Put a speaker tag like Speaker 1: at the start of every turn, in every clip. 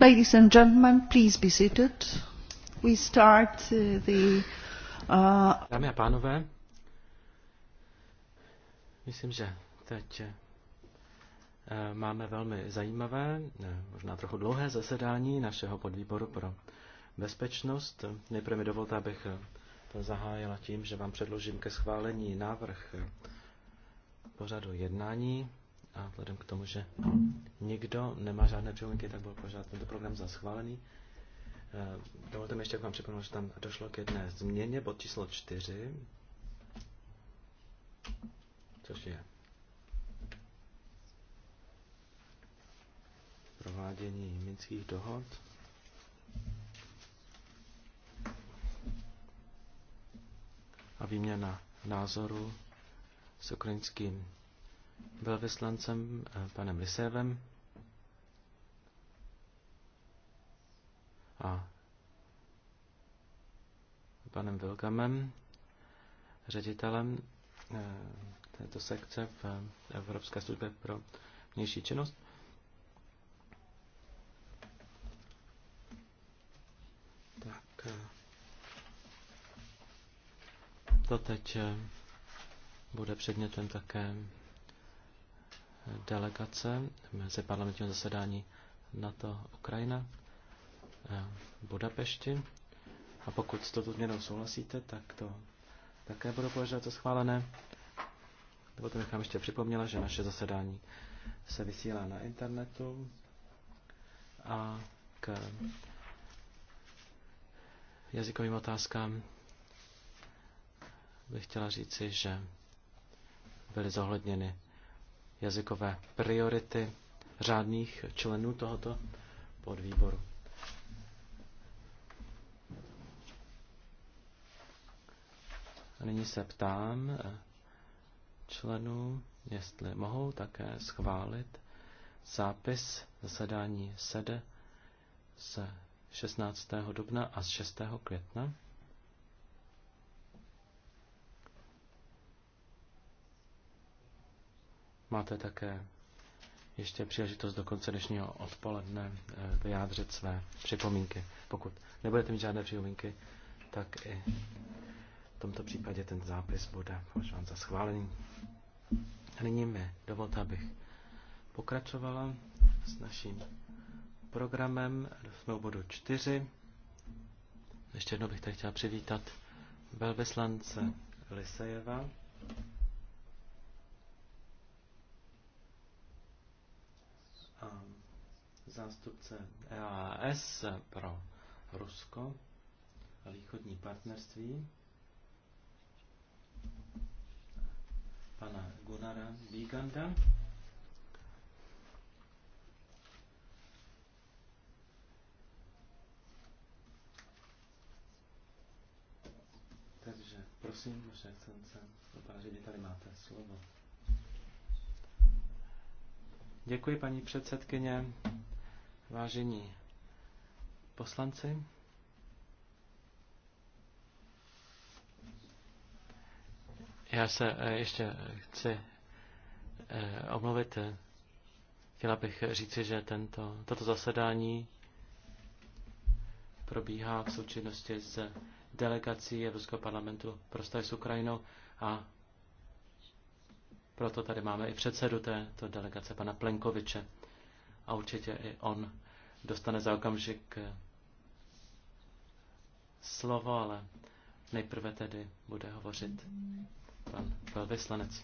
Speaker 1: Ladies and gentlemen, please be seated. We start uh, the...
Speaker 2: Uh... Dámy a pánové, myslím, že teď uh, máme velmi zajímavé, eh, možná trochu dlouhé zasedání našeho podvýboru pro bezpečnost. Nejprve mi dovolte, abych eh, to zahájila tím, že vám předložím ke schválení návrh eh, pořadu jednání. A vzhledem k tomu, že nikdo nemá žádné připomínky, tak byl pořád tento program za schválený. Eh, dovolte mi ještě vám připomenout, že tam došlo k jedné změně, bod číslo 4, což je provádění minských dohod. a výměna názoru s ukrajinským velvyslancem eh, panem Lisevem a panem Vilgamem, ředitelem eh, této sekce v eh, Evropské službě pro vnější činnost. Tak to teď bude předmětem také delegace mezi parlamentního zasedání NATO Ukrajina eh, v Budapešti. A pokud s touto změnou souhlasíte, tak to také budu považovat za schválené. Dovolte bych vám ještě připomněla, že naše zasedání se vysílá na internetu a k jazykovým otázkám bych chtěla říci, že byly zohledněny jazykové priority řádných členů tohoto podvýboru. A nyní se ptám eh, členů, jestli mohou také schválit zápis zasedání SEDE z 16. dubna a z 6. května. Máte také ještě příležitost do konce dnešního odpoledne eh, vyjádřit své připomínky. Pokud nebudete mít žádné připomínky, tak i v tomto případě ten zápis bude považován za schválený. A nyní mi dovolte, abych pokračovala s naším programem. Jsme u bodu čtyři. Ještě jednou bych tady chtěla přivítat velvyslance Lisejeva. zástupce EAS pro Rusko a východní partnerství, pana Gunara Biganda. Takže prosím, vaše excelence, pane řediteli, máte slovo. Děkuji, paní předsedkyně vážení poslanci. Já se eh, ještě chci eh, omluvit. Chtěla bych říci, že tento, toto zasedání probíhá v součinnosti s delegací Evropského parlamentu pro s Ukrajinou a proto tady máme i předsedu této delegace, pana Plenkoviče a určitě i on dostane za okamžik eh, slovo, ale nejprve tedy bude hovořit pan velvyslanec.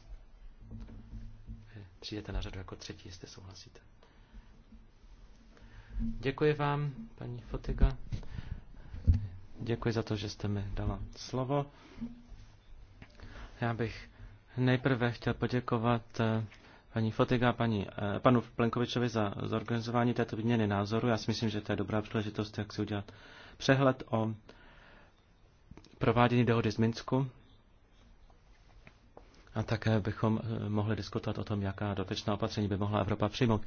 Speaker 2: Vy eh, přijdete na řadu jako třetí, jestli souhlasíte. Děkuji vám, paní Fotiga. Děkuji za to, že jste mi dala slovo. Já bych nejprve chtěl poděkovat eh, paní Fotiga, paní, eh, panu Plenkovičovi za zorganizování této výměny názoru. Já si myslím, že to je dobrá příležitost, jak si udělat přehled o provádění dohody z Minsku. A také bychom eh, mohli diskutovat o tom, jaká dotečná opatření by mohla Evropa přijmout.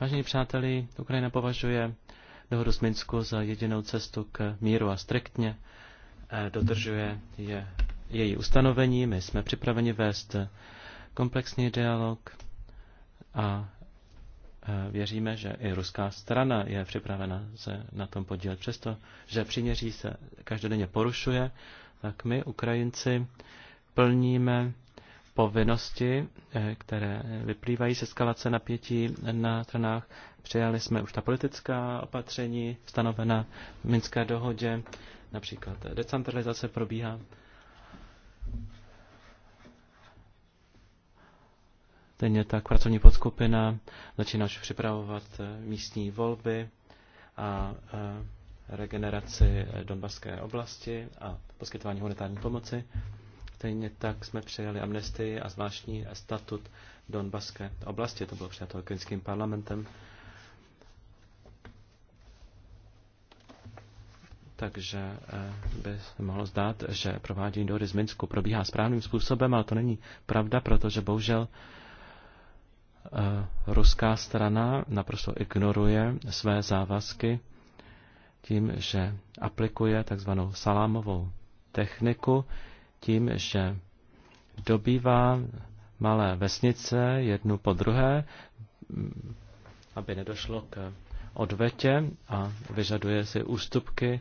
Speaker 2: Vážení přáteli, Ukrajina považuje dohodu z Minsku za jedinou cestu k míru a striktně eh, dodržuje je, její ustanovení. My jsme připraveni vést komplexní dialog a e, věříme, že i ruská strana je připravena se na tom podílet. Přesto, že příměří se každodenně porušuje, tak my, Ukrajinci, plníme povinnosti, e, které vyplývají z eskalace napětí na stranách. Přijali jsme už ta politická opatření stanovena v Minské dohodě, například decentralizace probíhá Stejně tak pracovní podskupina začíná už připravovat eh, místní volby a eh, regeneraci eh, Donbaské oblasti a poskytování humanitární pomoci. Stejně tak jsme přijali amnestii a zvláštní statut Donbaské oblasti. To bylo přijato ukrajinským parlamentem. takže by se mohlo zdát, že provádění dohody z Minsku probíhá správným způsobem, ale to není pravda, protože bohužel Eh, ruská strana naprosto ignoruje své závazky tím, že aplikuje takzvanou salámovou techniku, tím, že dobývá malé vesnice jednu po druhé, mm, aby nedošlo k odvetě a vyžaduje si ústupky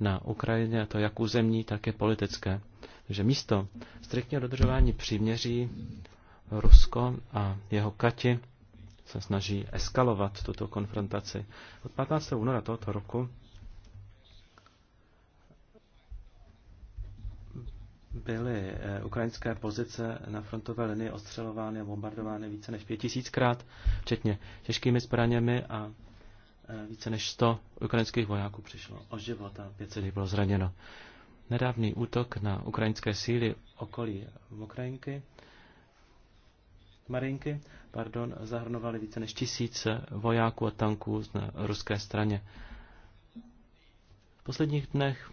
Speaker 2: na Ukrajině, to jak územní, tak i politické. Takže místo striktního dodržování příměří Rusko a jeho Kati se snaží eskalovat tuto konfrontaci. Od 15. února tohoto roku byly eh, ukrajinské pozice na frontové linii ostřelovány a bombardovány více než 5000krát, včetně těžkými zbraněmi a eh, více než 100 ukrajinských vojáků přišlo o život a 500 bylo zraněno. Nedávný útok na ukrajinské síly okolí Ukrajinky Marinky pardon, zahrnovaly více než tisíce vojáků a tanků na ruské straně. V posledních dnech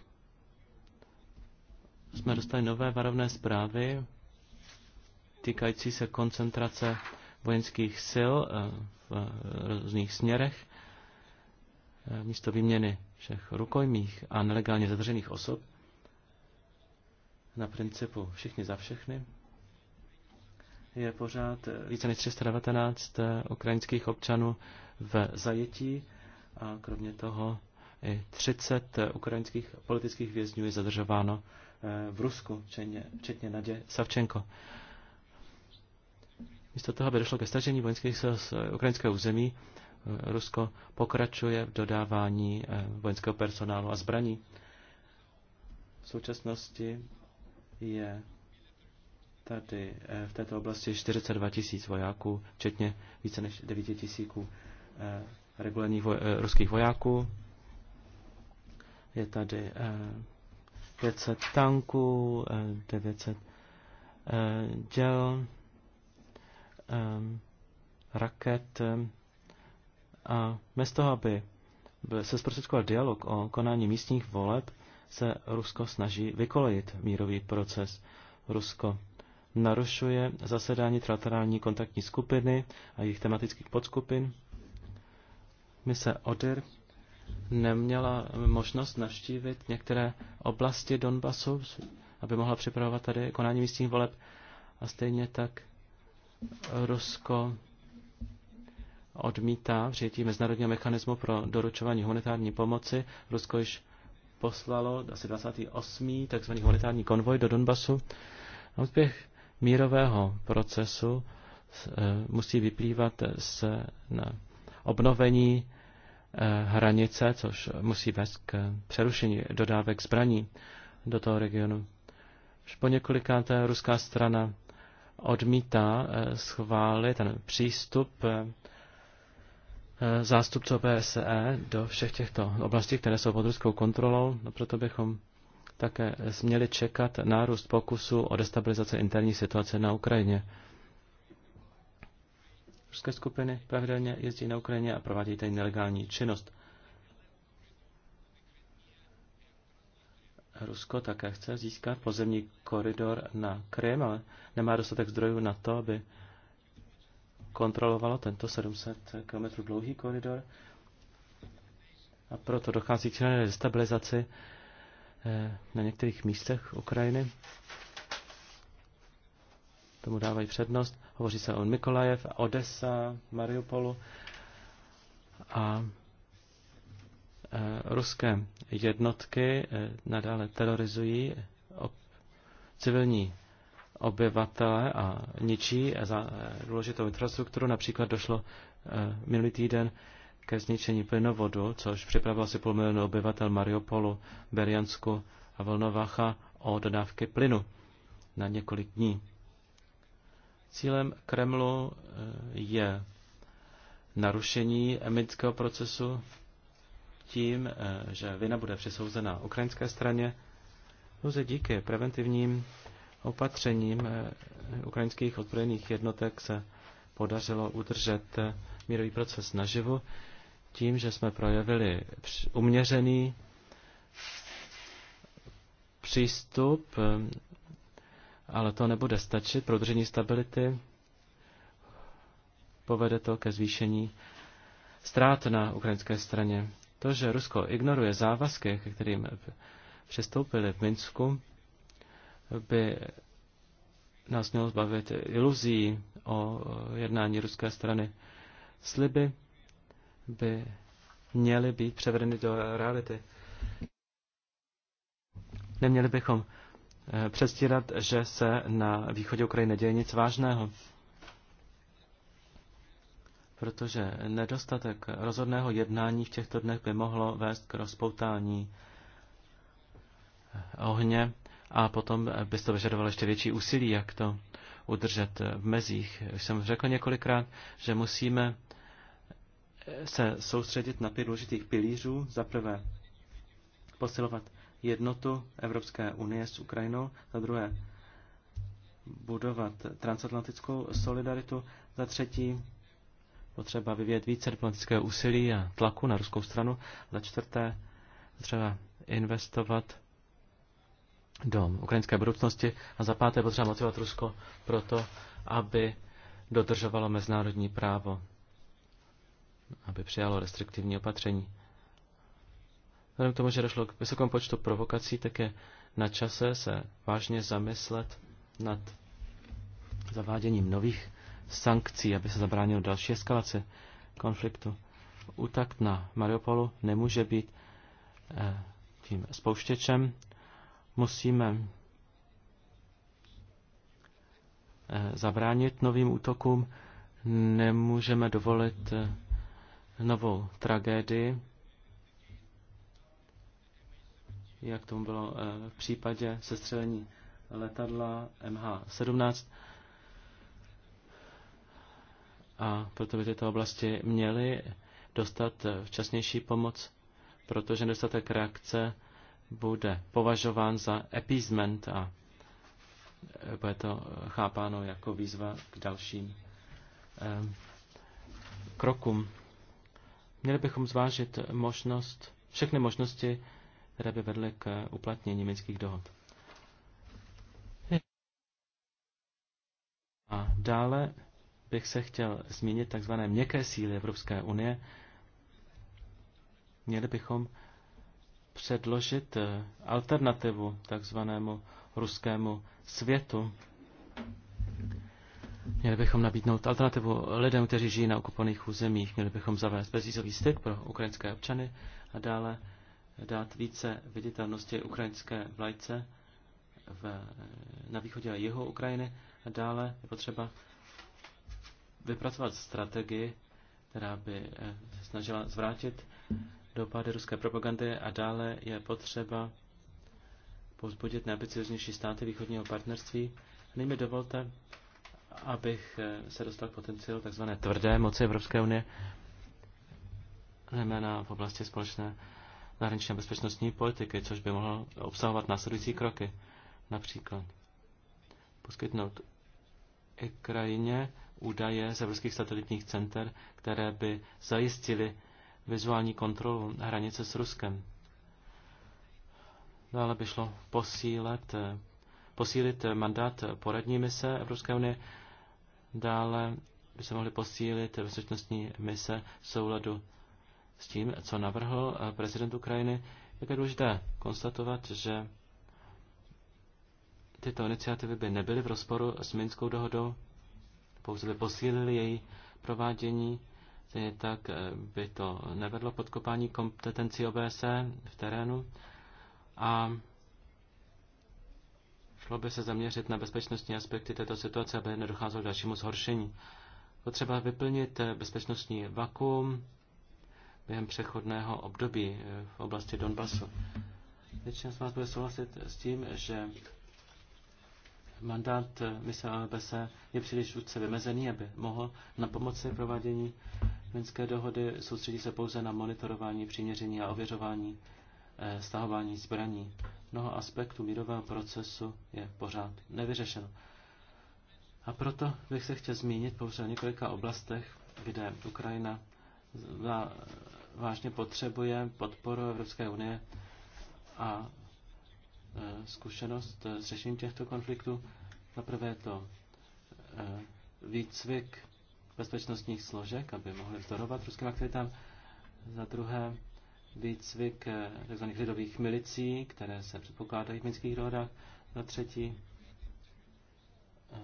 Speaker 2: jsme dostali nové varovné zprávy týkající se koncentrace vojenských sil eh, v různých směrech eh, místo výměny všech rukojmích a nelegálně zadržených osob na principu všichni za všechny je pořád více než 319 eh, ukrajinských občanů v zajetí a kromě toho i 30 eh, ukrajinských politických vězňů je zadržováno eh, v Rusku, včetně, včetně Nadě Savčenko. Místo toho, aby došlo ke stažení vojenských sil z ukrajinského území, Rusko pokračuje v dodávání vojenského personálu a zbraní. V současnosti je tady eh, v této oblasti 42 tisíc vojáků, včetně více než 9 tisíků eh, regulárních voj, eh, ruských vojáků. Je tady 500 tanků, 900 děl, raket a bez toho, aby se zprostředkoval dialog o konání místních voleb, se Rusko snaží vykolejit mírový proces. Rusko narušuje zasedání trilaterální kontaktní skupiny a jejich tematických podskupin. Mise ODIR neměla možnost navštívit některé oblasti Donbasu, aby mohla připravovat tady konání místních voleb. A stejně tak Rusko odmítá přijetí mezinárodního mechanismu pro doručování humanitární pomoci. Rusko již poslalo asi 28. tzv. humanitární konvoj do Donbasu. A úspěch mírového procesu eh, musí vyplývat z obnovení eh, hranice, což musí vést k přerušení dodávek zbraní do toho regionu. Už po několikáté ruská strana odmítá eh, schválit ten přístup zástupců PSE do všech těchto oblastí, které jsou pod ruskou kontrolou, no proto bychom také směli čekat nárůst pokusu o destabilizaci interní situace na Ukrajině. Ruské skupiny pravidelně jezdí na Ukrajině a provádí tady nelegální činnost. Rusko také chce získat pozemní koridor na Krym, ale nemá dostatek zdrojů na to, aby kontrolovalo tento 700 km dlouhý koridor. A proto dochází k destabilizaci Eh, na některých místech Ukrajiny. Tomu dávají přednost. Hovoří se o Mikolajev, Odessa, Mariupolu a eh, ruské jednotky eh, nadále terorizují civilní obyvatele a ničí důležitou infrastrukturu. Například došlo minulý týden ke zničení plynovodu, což připravilo asi půl milionu obyvatel Mariupolu, Beriansku a Volnovacha o dodávky plynu na několik dní. Cílem Kremlu eh, je narušení emického procesu tím, eh, že vina bude přisouzena ukrajinské straně. Pouze díky preventivním opatřením eh, ukrajinských odbrojených jednotek se podařilo udržet mírový proces naživu tím, že jsme projevili uměřený přístup, eh, ale to nebude stačit. Pro držení stability povede to ke zvýšení ztrát na ukrajinské straně. To, že Rusko ignoruje závazky, ke kterým přistoupili v Minsku, by nás mělo zbavit iluzí o eh, jednání ruské strany. Sliby by měly být převedeny do reality. Neměli bychom eh, předstírat, že se na východě Ukrajiny neděje nic vážného. Protože nedostatek rozhodného jednání v těchto dnech by mohlo vést k rozpoutání eh, ohně a potom by to vyžadovalo ještě větší úsilí, jak to udržet eh, v mezích. Už jsem řekl několikrát, že musíme se soustředit na pět důležitých pilířů. Za prvé posilovat jednotu Evropské unie s Ukrajinou, za druhé budovat transatlantickou solidaritu, za třetí potřeba vyvíjet více diplomatického úsilí a tlaku na ruskou stranu, za čtvrté třeba investovat do ukrajinské budoucnosti a za páté potřeba motivovat Rusko proto, aby dodržovalo mezinárodní právo aby přijalo restriktivní opatření. Vzhledem k tomu, že došlo k vysokému počtu provokací, tak je na čase se vážně zamyslet nad zaváděním nových sankcí, aby se zabránilo další eskalaci konfliktu. Útak na Mariupolu nemůže být eh, tím spouštěčem. Musíme eh, zabránit novým útokům. Nemůžeme dovolit eh, novou tragédii, jak tomu bylo eh, v případě sestřelení letadla MH17. A proto by tyto oblasti měly dostat eh, včasnější pomoc, protože nedostatek reakce bude považován za appeasement a eh, bude to chápáno jako výzva k dalším krokům. Měli bychom zvážit možnost, všechny možnosti, které by vedly k uplatnění německých dohod. A dále bych se chtěl zmínit takzvané měkké síly Evropské unie. Měli bychom předložit eh, alternativu takzvanému ruskému světu. Měli bychom nabídnout alternativu lidem, kteří žijí na okupovaných územích. Měli bychom zavést bezvízový styk pro ukrajinské občany a dále dát více viditelnosti ukrajinské vlajce v, na východě a jihu Ukrajiny. A dále je potřeba vypracovat strategii, která by eh, se snažila zvrátit dopady ruské propagandy a dále je potřeba povzbudit nejambicioznější státy východního partnerství. Nyní mi dovolte abych eh, se dostal k potenciálu tzv. tvrdé moci Evropské unie, zejména v oblasti společné zahraniční bezpečnostní politiky, což by mohlo obsahovat následující kroky. Například poskytnout i krajině údaje z evropských satelitních center, které by zajistily vizuální kontrolu hranice s Ruskem. Dále by šlo posílet, eh, posílit eh, mandát poradní mise Evropské unie Dále by se mohly posílit bezpečnostní mise v souladu s tím, co navrhl eh, prezident Ukrajiny. Je důležité konstatovat, že tyto iniciativy by nebyly v rozporu s Minskou dohodou, pouze by posílili její provádění, stejně tak eh, by to nevedlo podkopání kompetencí OBSE v terénu a Šlo by se zaměřit na bezpečnostní aspekty této situace, aby nedocházelo k dalšímu zhoršení. Potřeba vyplnit eh, bezpečnostní vakuum během přechodného období eh, v oblasti Donbasu. Většina z vás bude souhlasit s tím, že mandát eh, mise OBS je příliš úzce vymezený, aby mohl na pomoci provádění minské dohody soustředí se pouze na monitorování, přiměření a ověřování stahování zbraní mnoho aspektů mírového procesu je pořád nevyřešeno. A proto bych se chtěl zmínit pouze o několika oblastech, kde Ukrajina vážně potřebuje podporu Evropské unie a e, zkušenost s řešením těchto konfliktů. Za prvé to e, výcvik bezpečnostních složek, aby mohli vzdorovat ruským aktivitám. Za druhé výcvik eh, tzv. lidových milicí, které se předpokládají v minských dohodách. Za třetí eh,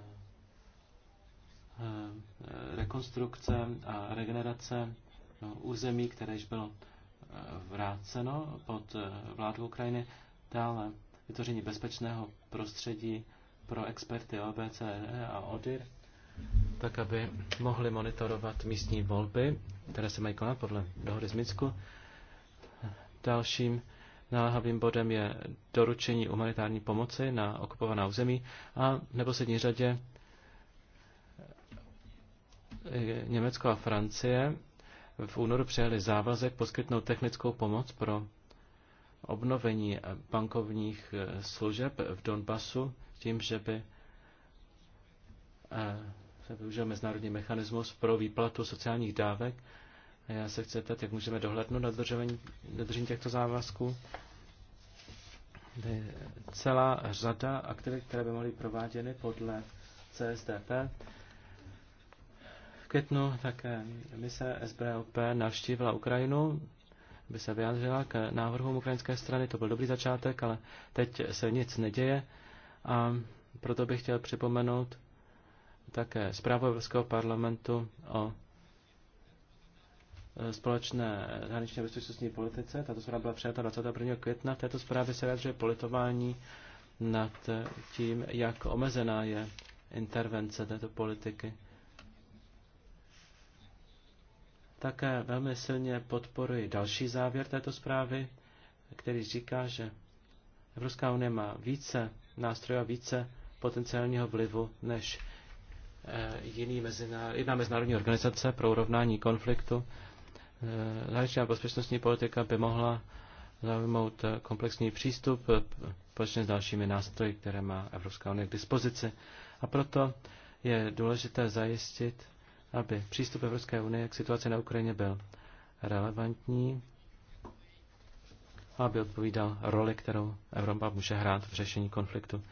Speaker 2: eh, rekonstrukce a regenerace no, území, které již bylo vráceno pod vládu Ukrajiny. Dále vytvoření bezpečného prostředí pro experty OBC e a ODIR, tak aby mohli monitorovat místní volby, které se mají konat podle dohody z Minsku. Dalším náhavým bodem je doručení humanitární pomoci na okupovaná území a v neposlední řadě Německo a Francie v únoru přijali závazek poskytnout technickou pomoc pro obnovení bankovních služeb v Donbasu tím, že by se eh, využil mezinárodní mechanismus pro výplatu sociálních dávek a já se chci zeptat, jak můžeme dohlednout na dodržení, dodržení těchto závazků. Je celá řada aktivit, které by mohly prováděny podle CSDP. V květnu také mise SBOP navštívila Ukrajinu, by se vyjádřila k návrhům ukrajinské strany. To byl dobrý začátek, ale teď se nic neděje. A proto bych chtěl připomenout také zprávu Evropského parlamentu o Eh, společné zahraniční bezpečnostní politice. Tato zpráva byla přijata 21. května. V této zprávě se vyjadřuje politování nad eh, tím, jak omezená je intervence této politiky. Také velmi silně podporuji další závěr této zprávy, který říká, že Evropská unie má více nástrojů a více potenciálního vlivu než eh, jiný jedna mezinárodní organizace pro urovnání konfliktu zahraniční a bezpečnostní politika by mohla zaujmout komplexní přístup společně s dalšími nástroji, které má Evropská unie k dispozici. A proto je důležité zajistit, aby přístup Evropské unie k situaci na Ukrajině byl relevantní a aby odpovídal roli, kterou Evropa může hrát v řešení konfliktu.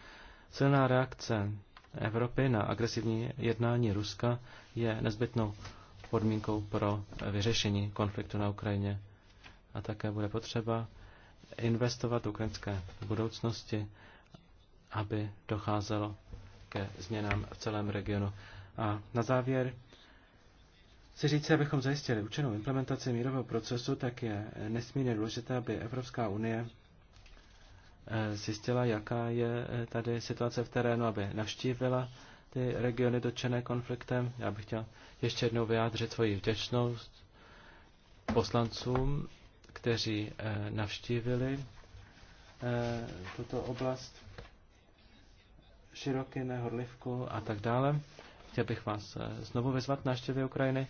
Speaker 2: Silná reakce Evropy na agresivní jednání Ruska je nezbytnou podmínkou pro vyřešení konfliktu na Ukrajině. A také bude potřeba investovat ukrajinské budoucnosti, aby docházelo ke změnám v celém regionu. A na závěr chci říct, abychom zajistili účinnou implementaci mírového procesu, tak je nesmírně důležité, aby Evropská unie eh, zjistila, jaká je eh, tady situace v terénu, aby navštívila ty regiony dotčené konfliktem. Já bych chtěl ještě jednou vyjádřit svoji vděčnost poslancům, kteří eh, navštívili eh, tuto oblast široky, nehorlivku a tak dále. Chtěl bych vás eh, znovu vyzvat na návštěvě Ukrajiny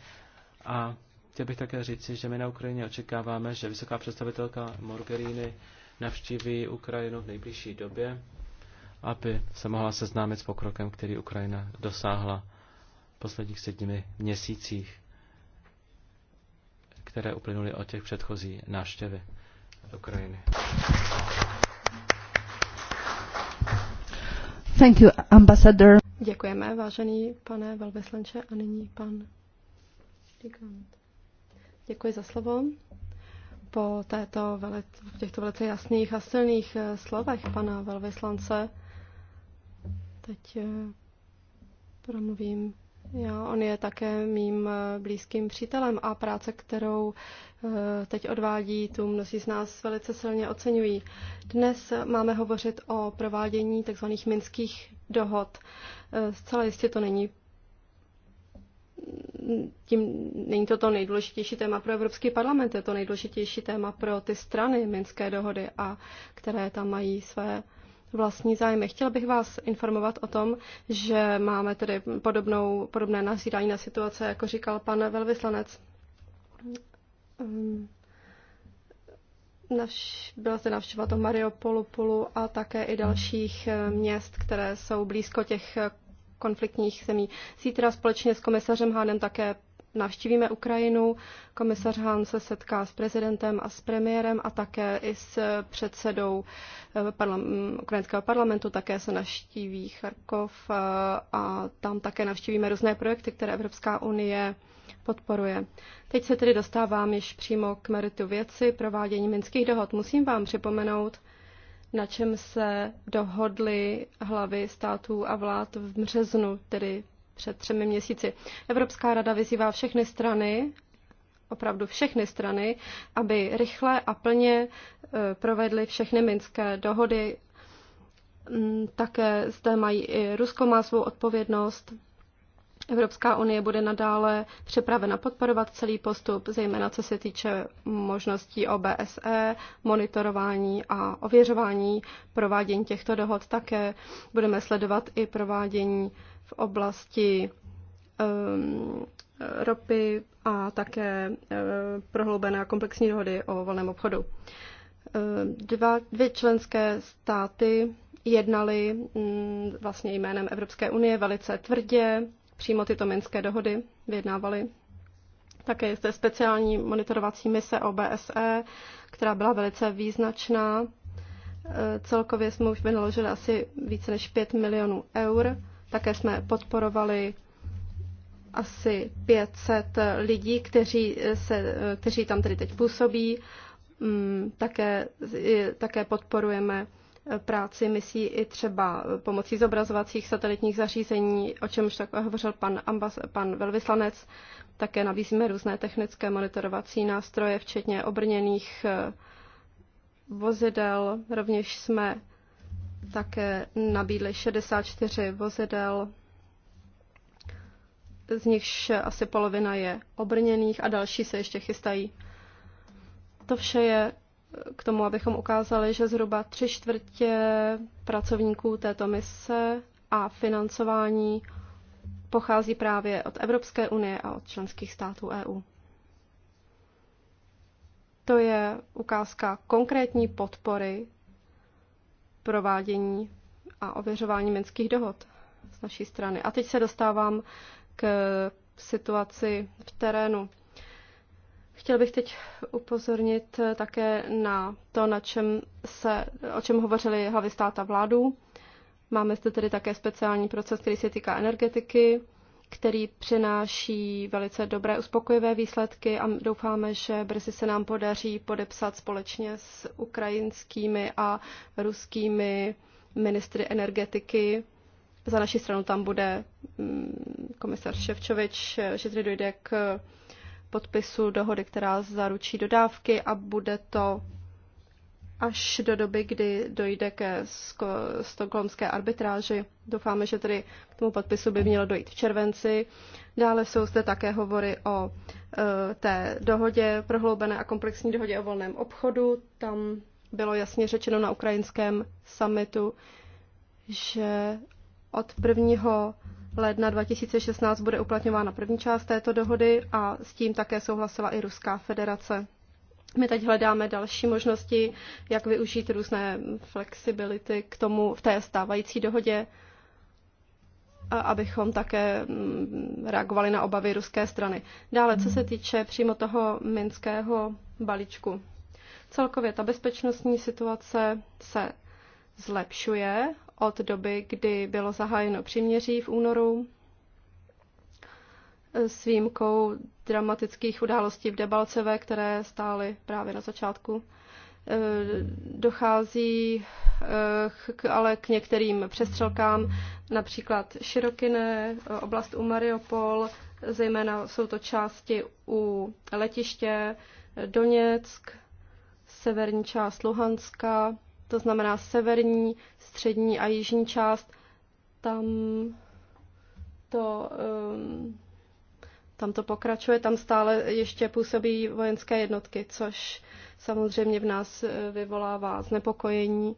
Speaker 2: a chtěl bych také říci, že my na Ukrajině očekáváme, že vysoká představitelka Morgerini navštíví Ukrajinu v nejbližší době aby se mohla seznámit s pokrokem, který Ukrajina dosáhla v posledních sedmi měsících, které uplynuly od těch předchozí návštěvy Ukrajiny.
Speaker 1: Thank you, ambassador. Děkujeme, vážený pane velvyslanče, a nyní pan Děkuji za slovo. Po této velice, těchto velice jasných a silných eh, slovech pana velvyslance Teď eh, promluvím. Já, on je také mým eh, blízkým přítelem a práce, kterou eh, teď odvádí, tu mnozí z nás velice silně oceňují. Dnes máme hovořit o provádění tzv. minských dohod. Zcela jistě to není tím není to to nejdůležitější téma pro Evropský parlament, je to nejdůležitější téma pro ty strany Minské dohody, a které tam mají své vlastní zájmy. Chtěla bych vás informovat o tom, že máme tedy podobnou, podobné nazírání na situace, jako říkal pan velvyslanec. Navš- byla zde navštěva to Mariupolu a také i dalších eh, měst, které jsou blízko těch eh, konfliktních zemí. Zítra společně s komisařem Hánem také navštívíme Ukrajinu. Komisař Hahn se setká s prezidentem a s premiérem a také i s předsedou eh, parlament, ukrajinského parlamentu. Také se navštíví Charkov eh, a tam také navštívíme různé projekty, které Evropská unie podporuje. Teď se tedy dostávám již přímo k meritu věci provádění minských dohod. Musím vám připomenout, na čem se dohodly hlavy států a vlád v březnu, tedy před třemi měsíci. Evropská rada vyzývá všechny strany, opravdu všechny strany, aby rychle a plně e, provedly všechny minské dohody. Mm, také zde mají i Rusko má svou odpovědnost. Evropská unie bude nadále připravena podporovat celý postup, zejména co se týče možností OBSE, monitorování a ověřování provádění těchto dohod. Také budeme sledovat i provádění v oblasti ehm, ropy a také eh, prohloubené komplexní dohody o volném obchodu. Ehm, dva, dvě členské státy jednaly mm, vlastně jménem Evropské unie velice tvrdě, přímo tyto minské dohody vyjednávaly. Také je zde speciální monitorovací mise OBSE, která byla velice význačná. Ehm, celkově jsme už vynaložili asi více než 5 milionů eur také jsme podporovali asi 500 lidí, kteří, se, kteří tam tedy teď působí. Mm, také, také podporujeme práci misí i třeba pomocí zobrazovacích satelitních zařízení, o čemž tak hovořil pan, ambas, pan velvyslanec. Také nabízíme různé technické monitorovací nástroje, včetně obrněných eh, vozidel. Rovněž jsme také nabídli 64 vozidel, z nichž asi polovina je obrněných a další se ještě chystají. To vše je k tomu, abychom ukázali, že zhruba tři čtvrtě pracovníků této mise a financování pochází právě od Evropské unie a od členských států EU. To je ukázka konkrétní podpory provádění a ověřování minských dohod z naší strany. A teď se dostávám k situaci v terénu. Chtěl bych teď upozornit také na to, na čem se, o čem hovořili hlavy státa vládu. Máme zde tedy také speciální proces, který se týká energetiky který přináší velice dobré uspokojivé výsledky a doufáme, že brzy se nám podaří podepsat společně s ukrajinskými a ruskými ministry energetiky. Za naši stranu tam bude mm, komisar Ševčovič, že tedy dojde k podpisu dohody, která zaručí dodávky a bude to až do doby, kdy dojde ke stokholmské arbitráži. Doufáme, že tedy k tomu podpisu by mělo dojít v červenci. Dále jsou zde také hovory o e, té dohodě, prohloubené a komplexní dohodě o volném obchodu. Tam bylo jasně řečeno na ukrajinském summitu, že od 1. ledna 2016 bude uplatňována první část této dohody a s tím také souhlasila i Ruská federace. My teď hledáme další možnosti, jak využít různé flexibility k tomu v té stávající dohodě, a abychom také mm, reagovali na obavy ruské strany. Dále, co se týče přímo toho minského balíčku. Celkově ta bezpečnostní situace se zlepšuje od doby, kdy bylo zahájeno příměří v únoru s výjimkou dramatických událostí v Debalceve, které stály právě na začátku. E, dochází e, ale k některým přestřelkám, například Širokine, oblast u Mariupol, zejména jsou to části u letiště Doněck, severní část Luhanska, to znamená severní, střední a jižní část. Tam to um, tam to pokračuje, tam stále ještě působí vojenské jednotky, což samozřejmě v nás eh, vyvolává znepokojení.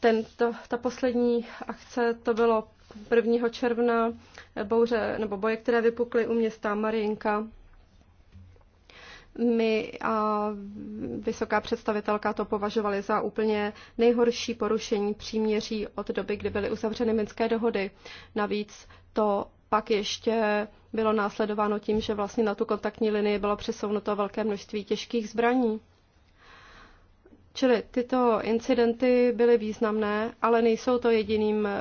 Speaker 1: ten, to, ta poslední akce, to bylo 1. června, eh, bouře, nebo boje, které vypukly u města Marinka. My a vysoká představitelka to považovali za úplně nejhorší porušení příměří od doby, kdy byly uzavřeny minské dohody. Navíc to pak ještě bylo následováno tím, že vlastně na tu kontaktní linii bylo přesunuto velké množství těžkých zbraní. Čili tyto incidenty byly významné, ale nejsou to jediným, eh,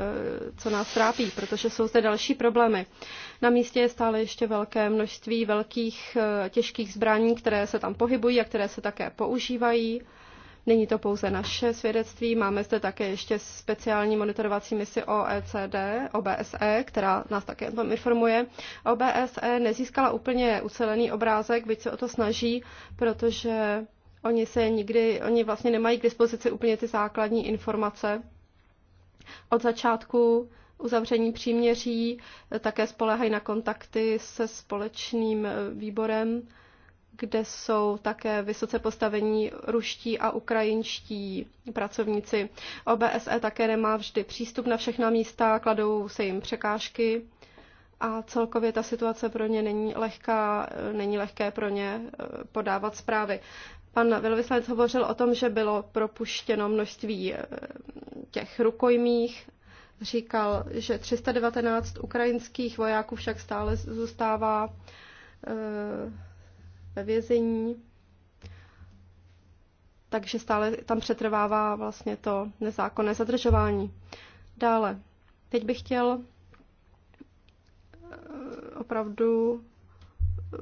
Speaker 1: co nás trápí, protože jsou zde další problémy. Na místě je stále ještě velké množství velkých eh, těžkých zbraní, které se tam pohybují a které se také používají. Není to pouze naše svědectví, máme zde také ještě speciální monitorovací misi OECD, OBSE, která nás také o tom informuje. OBSE nezískala úplně ucelený obrázek, byť se o to snaží, protože oni se nikdy, oni vlastně nemají k dispozici úplně ty základní informace. Od začátku uzavření příměří také spolehají na kontakty se společným výborem kde jsou také vysoce postavení ruští a ukrajinští pracovníci. OBSE také nemá vždy přístup na všechna místa, kladou se jim překážky a celkově ta situace pro ně není lehká, není lehké pro ně eh, podávat zprávy. Pan velvyslanec hovořil o tom, že bylo propuštěno množství eh, těch rukojmích. Říkal, že 319 ukrajinských vojáků však stále zůstává eh, ve vězení, takže stále tam přetrvává vlastně to nezákonné zadržování. Dále, teď bych chtěl eh, opravdu eh,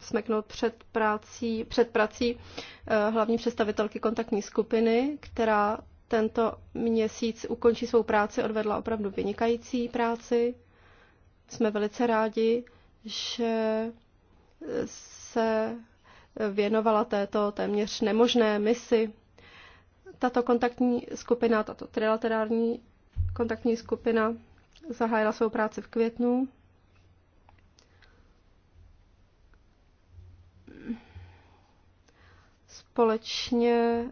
Speaker 1: smeknout před prací, před prací eh, hlavní představitelky kontaktní skupiny, která tento měsíc ukončí svou práci, odvedla opravdu vynikající práci. Jsme velice rádi, že se věnovala této téměř nemožné misi. Tato kontaktní skupina, tato trilaterální kontaktní skupina zahájila svou práci v květnu. Společně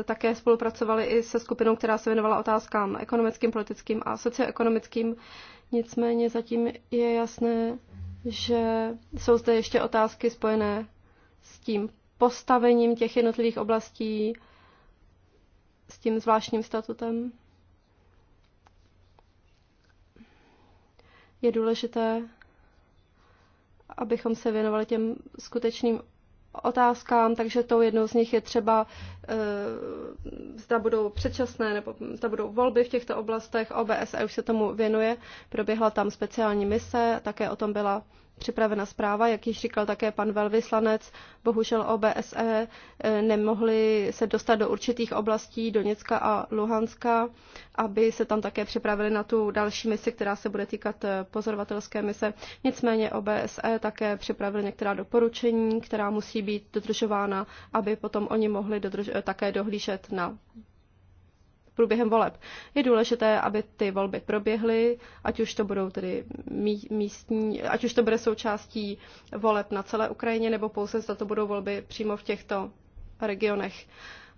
Speaker 1: eh, také spolupracovali i se skupinou, která se věnovala otázkám ekonomickým, politickým a socioekonomickým. Nicméně zatím je jasné, že jsou zde ještě otázky spojené s tím postavením těch jednotlivých oblastí, s tím zvláštním statutem. Je důležité, abychom se věnovali těm skutečným otázkám, takže tou jednou z nich je třeba, eh, zda budou předčasné nebo zda budou volby v těchto oblastech. a e už se tomu věnuje, proběhla tam speciální mise, také o tom byla připravena zpráva, jak již říkal také pan velvyslanec. Bohužel OBSE eh, nemohli se dostat do určitých oblastí Doněcka a Luhanska, aby se tam také připravili na tu další misi, která se bude týkat eh, pozorovatelské mise. Nicméně OBSE také připravili některá doporučení, která musí být dodržována, aby potom oni mohli dodrž- eh, také dohlížet na průběhem voleb. Je důležité, aby ty volby proběhly, ať už to budou tedy místní, ať už to bude součástí voleb na celé Ukrajině, nebo pouze za to budou volby přímo v těchto regionech.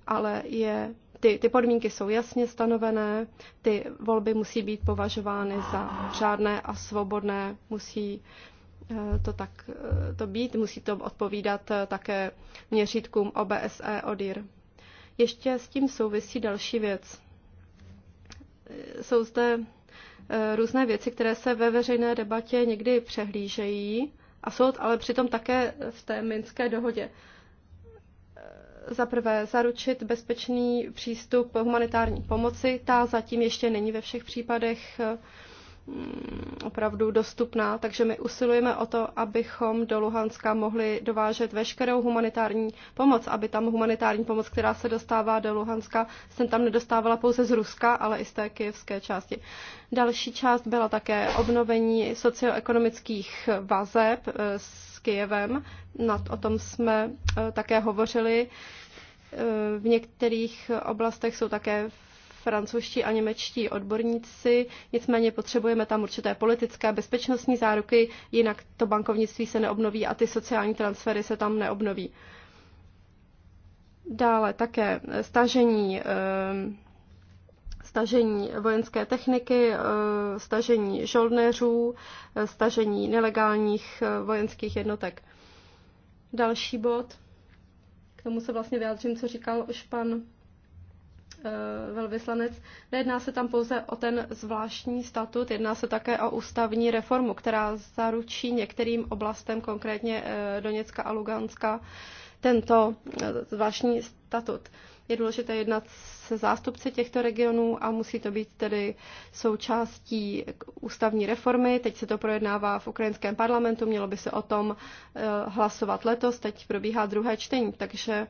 Speaker 1: Ale je, ty, ty podmínky jsou jasně stanovené, ty volby musí být považovány za řádné a svobodné, musí eh, to tak eh, to být, musí to odpovídat eh, také měřítkům OBSE ODIR. Ještě s tím souvisí další věc jsou zde eh, různé věci, které se ve veřejné debatě někdy přehlížejí a jsou ale přitom také v té minské dohodě. Eh, za prvé, zaručit bezpečný přístup humanitární pomoci. Ta zatím ještě není ve všech případech eh, Mm, opravdu dostupná, takže my usilujeme o to, abychom do Luhanska mohli dovážet veškerou humanitární pomoc, aby tam humanitární pomoc, která se dostává do Luhanska, se tam nedostávala pouze z Ruska, ale i z té kijevské části. Další část byla také obnovení socioekonomických vazeb eh, s Kijevem. O tom jsme eh, také hovořili. Eh, v některých oblastech jsou také francouzští a němečtí odborníci, nicméně potřebujeme tam určité politické a bezpečnostní záruky, jinak to bankovnictví se neobnoví a ty sociální transfery se tam neobnoví. Dále také stažení eh, stažení vojenské techniky, eh, stažení žoldnéřů, eh, stažení nelegálních vojenských jednotek. Další bod, k tomu se vlastně vyjádřím, co říkal už pan Eh, velvyslanec. Nejedná se tam pouze o ten zvláštní statut, jedná se také o ústavní reformu, která zaručí některým oblastem, konkrétně eh, Doněcka a Luganska, tento eh, zvláštní statut. Je důležité jednat se zástupci těchto regionů a musí to být tedy součástí ústavní reformy. Teď se to projednává v ukrajinském parlamentu, mělo by se o tom hlasovat letos, teď probíhá druhé čtení, takže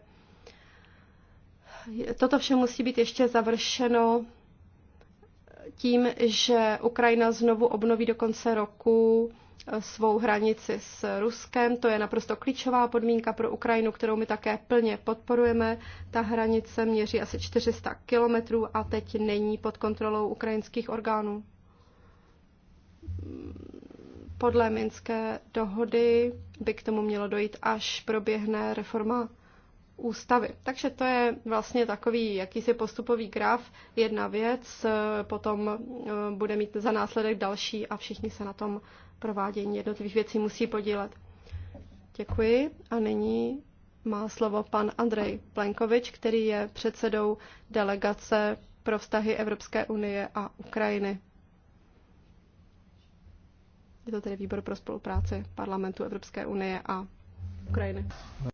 Speaker 1: Toto vše musí být ještě završeno tím, že Ukrajina znovu obnoví do konce roku eh, svou hranici s Ruskem. To je naprosto klíčová podmínka pro Ukrajinu, kterou my také plně podporujeme. Ta hranice měří asi 400 kilometrů a teď není pod kontrolou ukrajinských orgánů. Podle Minské dohody by k tomu mělo dojít, až proběhne reforma ústavy. Takže to je vlastně takový jakýsi postupový graf. Jedna věc eh, potom eh, bude mít za následek další a všichni se na tom provádění jednotlivých věcí musí podílet. Děkuji a nyní má slovo pan Andrej Plenkovič, který je předsedou delegace pro vztahy Evropské unie a Ukrajiny. Je to tedy výbor pro spolupráci parlamentu Evropské unie a Ukrajiny. No,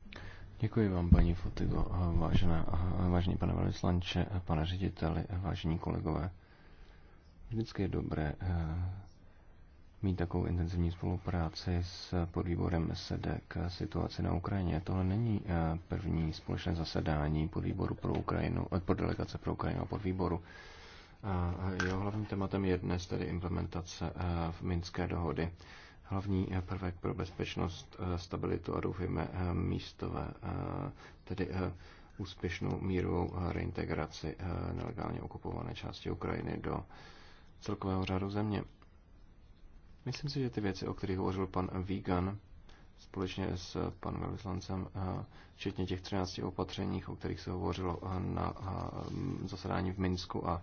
Speaker 3: Děkuji vám, paní Fotigo, vážená, vážený pane velvyslanče, pane řediteli, vážení kolegové. Vždycky je dobré eh, mít takovou intenzivní spolupráci s podvýborem SED k e situaci na Ukrajině. Tohle není eh, první společné zasedání podvýboru pro Ukrajinu, eh, pod delegace pro Ukrajinu a podvýboru. Jeho hlavním tématem je dnes tedy implementace v Minské dohody hlavní eh, prvek pro bezpečnost, eh, stabilitu a doufejme eh, místové, tedy úspěšnou mírovou reintegraci nelegálně okupované části Ukrajiny do celkového řádu země. Myslím si, že ty věci, o kterých hovořil pan Vígan, společně s panem velvyslancem, včetně těch 13 opatřeních, o kterých se hovořilo na zasedání v Minsku a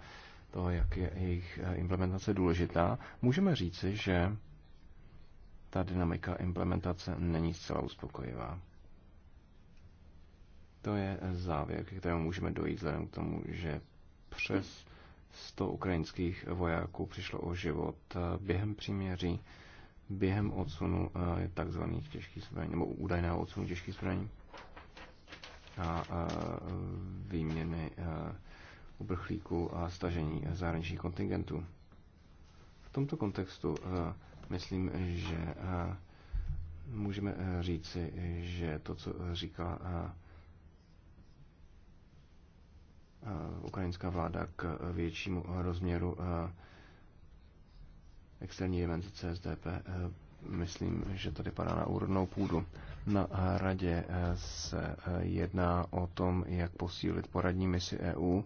Speaker 3: toho, jak je jejich implementace důležitá, můžeme říci, že ta dynamika implementace není zcela uspokojivá. To je závěr, ke kterému můžeme dojít vzhledem k tomu, že přes 100 ukrajinských vojáků přišlo o život během příměří, během odsunu eh, tzv. těžkých zbraní, nebo údajného odsunu těžkých zbraní a eh, výměny eh, uprchlíků a stažení zahraničních kontingentů. V tomto kontextu Myslím, že eh, můžeme eh, říci, že to, co říká eh, ukrajinská vláda k většímu rozměru externí dimenze CSDP, myslím, že tady padá na úrodnou půdu. Na radě se jedná o tom, jak posílit poradní misi EU,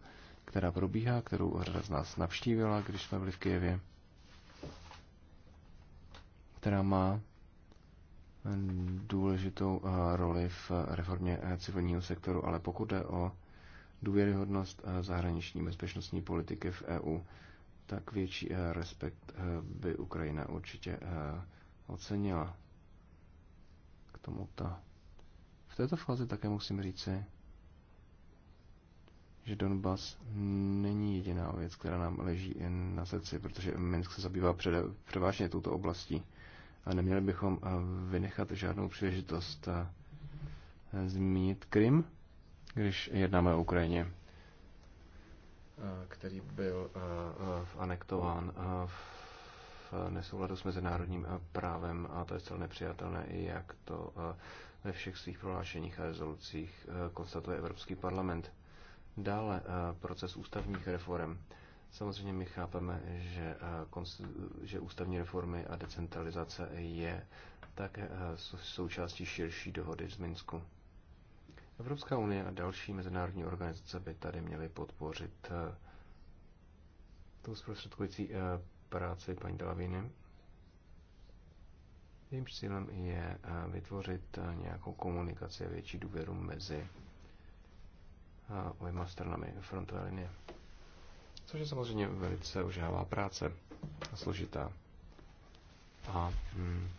Speaker 3: která probíhá, kterou řada z nás navštívila, když jsme byli v Kijevě která má eh, důležitou eh, roli v eh, reformě civilního sektoru, ale pokud jde o důvěryhodnost zahraniční bezpečnostní politiky v EU, tak větší respekt by Ukrajina určitě ocenila. K tomu ta. V této fázi také musím říci, že Donbass není jediná věc, která nám leží jen na srdci, protože Minsk se zabývá převážně touto oblastí a neměli bychom eh, vynechat žádnou příležitost eh, zmínit Krym, když jednáme o Ukrajině, eh, který byl anektován v nesouladu s mezinárodním právem a to je zcela nepřijatelné, i jak to ve všech svých prohlášeních a rezolucích konstatuje Evropský parlament. Dále proces ústavních reform Samozřejmě my chápeme, že, eh, že ústavní reformy a decentralizace je také eh, součástí širší dohody z Minsku. Evropská unie a další mezinárodní organizace by tady měly podpořit eh, tu zprostředkující práci paní Dalaviny. Jejím cílem je vytvořit nějakou komunikaci a větší důvěru mezi oběma stranami frontové linie což je samozřejmě velice ožává práce a složitá. A hm,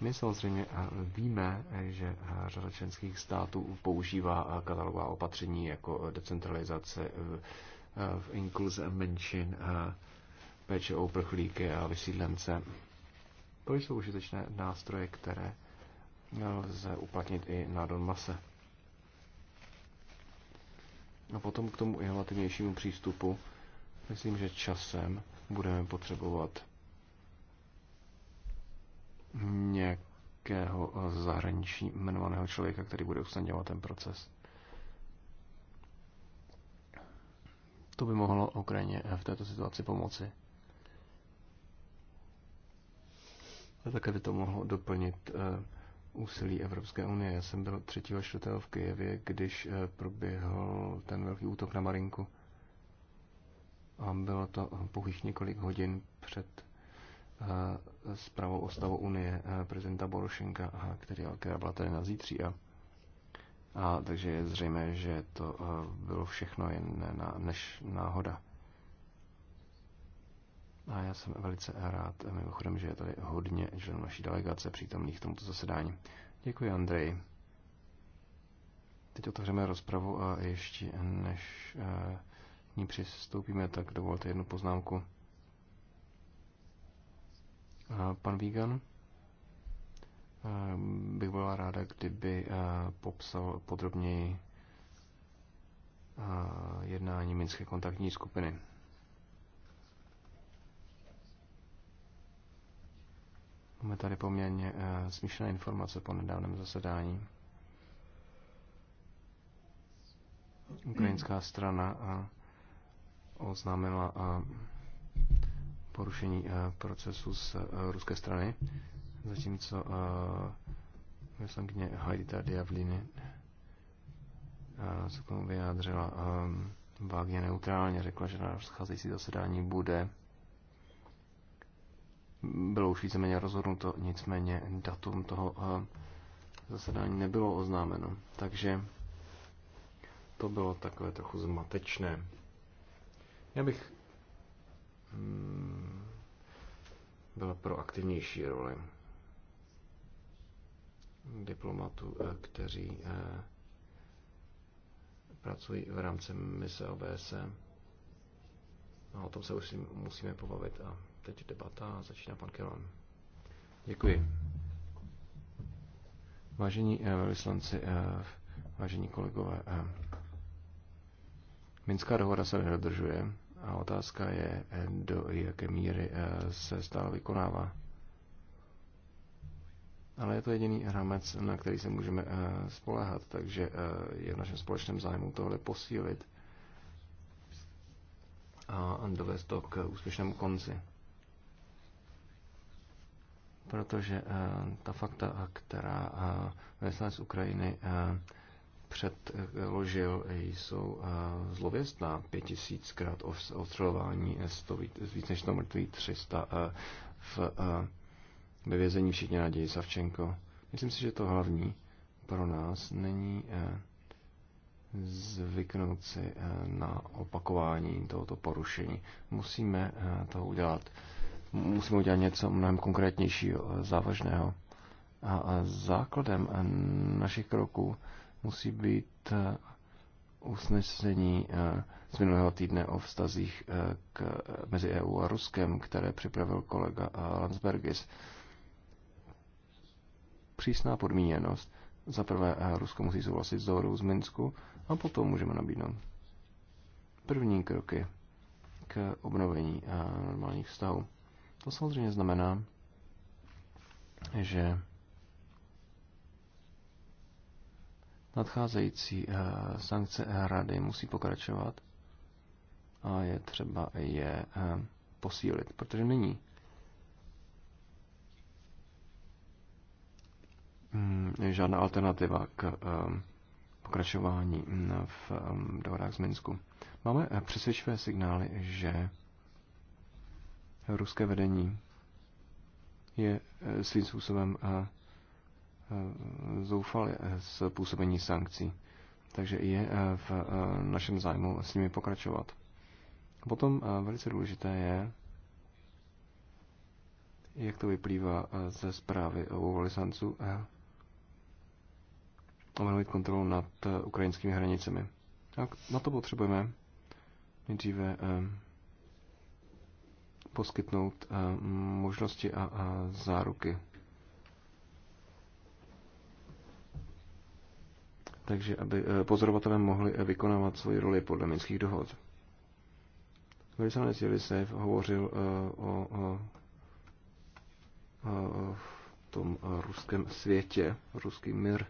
Speaker 3: my samozřejmě víme, že řada členských států používá katalogová opatření jako decentralizace e, e, v inkluze menšin, péče o uprchlíky a vysídlence. To jsou užitečné nástroje, které lze uplatnit i na Donbase. A potom k tomu inovativnějšímu přístupu, myslím, že časem budeme potřebovat nějakého zahraniční jmenovaného člověka, který bude usnadňovat ten proces. To by mohlo Ukrajině v této situaci pomoci. A také by to mohlo doplnit eh, úsilí Evropské unie. Já jsem byl 3. a 4. v Kijevě, když eh, proběhl ten velký útok na Marinku. A bylo to pouhých několik hodin před eh, zprávou o stavu Unie eh, prezidenta Borošenka, který, která byla tady na zítří. A, a takže je zřejmé, že to bylo všechno jen na, než náhoda. A já jsem velice rád, mimochodem, že je tady hodně členů naší delegace přítomných tomuto zasedání. Děkuji, Andrej. Teď otevřeme rozpravu a ještě než eh, k ní přistoupíme, tak dovolte jednu poznámku. A pan Vígan? Eh, bych byla ráda, kdyby eh, popsal podrobněji jednání Minské kontaktní skupiny. Máme tady poměrně uh, eh, smíšené informace po nedávném zasedání. Ukrajinská strana uh, oznámila uh, porušení uh, procesu z uh, ruské strany, zatímco uh, vyslankyně Haidita Diavliny uh, se k tomu vyjádřila um, vágně neutrálně, řekla, že na rozcházející zasedání bude bylo už víceméně rozhodnuto, nicméně datum toho eh, zasedání nebylo oznámeno. Takže to bylo takové trochu zmatečné. Já bych mm, byl pro aktivnější roli diplomatů, eh, kteří eh, pracují v rámci mise OBS. E. A o tom se už musíme pobavit a teď debata začíná pan Kelon. Děkuji. Vážení eh, vyslanci, eh, vážení kolegové, eh, Minská dohoda se nedodržuje a otázka je, do jaké míry se stále vykonává. Ale je to jediný rámec, na který se můžeme spolehat, takže je v našem společném zájmu tohle posílit a dovést to k úspěšnému konci protože eh, ta fakta, která eh, veslanec Ukrajiny eh, předložil, jsou zlověstná. Pět tisíckrát ostřelování z víc než 100 mrtvých, 300 v, ve vězení všichni naději Savčenko. Myslím si, že to hlavní pro nás není zvyknout si na opakování tohoto porušení. Musíme to udělat musíme udělat něco mnohem konkrétnějšího, závažného. A základem eh, našich kroků musí být eh, usnesení eh, z minulého týdne o vztazích k, mezi EU a Ruskem, které připravil kolega Landsbergis. Přísná podmíněnost. Za prvé Rusko musí souhlasit s dohodou z Minsku a potom můžeme nabídnout první kroky k obnovení normálních vztahů. To samozřejmě znamená, že nadcházející eh, sankce rady musí pokračovat a je třeba je eh, posílit, protože není mm, žádná alternativa k eh, pokračování mm, v dohodách z Minsku. Máme přesvědčivé signály, že ruské vedení je eh, svým způsobem eh, eh, zoufalé z působení sankcí. Takže je v našem zájmu s nimi pokračovat. Potom velice důležité je, jak to vyplývá ze zprávy o volisanců, omenovit kontrolu nad ukrajinskými hranicemi. Tak na to potřebujeme nejdříve poskytnout eh, možnosti a záruky. takže aby eh, pozorovatelé mohli eh, vykonávat svoji roli podle minských dohod. Velisanec Jelisev hovořil o, o, o tom ruském světě, ruský mír,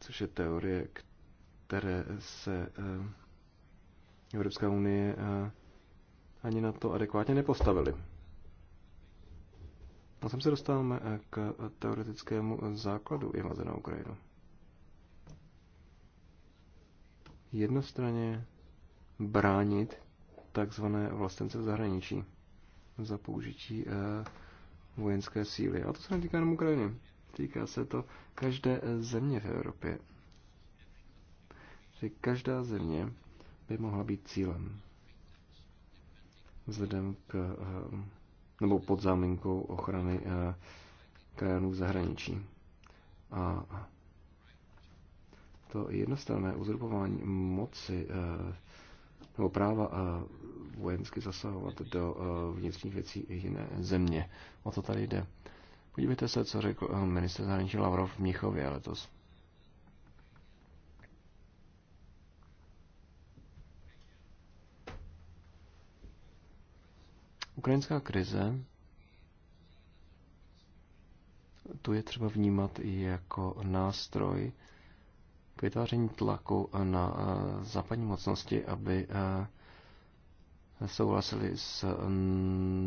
Speaker 3: což je teorie, které se Evropská unie ani na to adekvátně nepostavili. A sem se dostáváme eh, k teoretickému eh, základu invaze na Ukrajinu. Jednostranně bránit takzvané vlastence v zahraničí za použití eh, vojenské síly. A to se netýká jenom Ukrajiny. Týká se to každé země v Evropě. Že každá země by mohla být cílem vzhledem k, eh, nebo pod záminkou ochrany eh, krajanů v zahraničí. A to jednostranné uzurpování moci eh, nebo práva vojensky zasahovat do vnitřních věcí jiné země. O to tady jde. Podívejte se, co řekl minister zahraničí Lavrov v Mnichově letos. Ukrajinská krize tu je třeba vnímat i jako nástroj k vytváření tlaku na eh, západní mocnosti, aby eh, souhlasili s,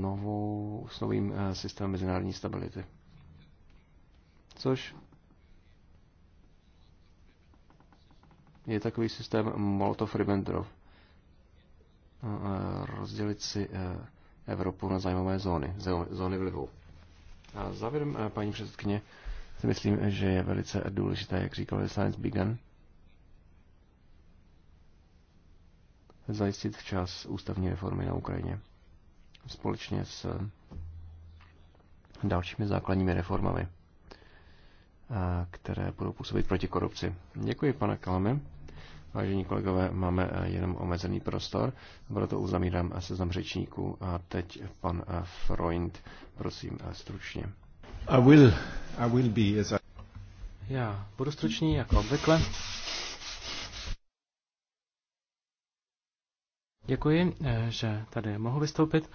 Speaker 3: novou, s novým eh, systémem mezinárodní stability. Což je takový systém Molotov-Ribbentrop. Rozdělit si Evropu na zájmové zóny, zóny vlivu. A závěrem, eh, paní předsedkyně, si myslím, že je velice důležité, jak říkal Science Began, zajistit včas ústavní reformy na Ukrajině společně s eh, dalšími základními reformami, eh, které budou působit proti korupci. Děkuji, pane Kalame. Vážení kolegové, máme eh, jenom omezený prostor, proto uzamírám eh, seznam řečníků a teď pan eh, Freund, prosím, stručně.
Speaker 4: I will, I will be, as I...
Speaker 2: Já budu stručný, jako obvykle. Děkuji, že tady mohu vystoupit.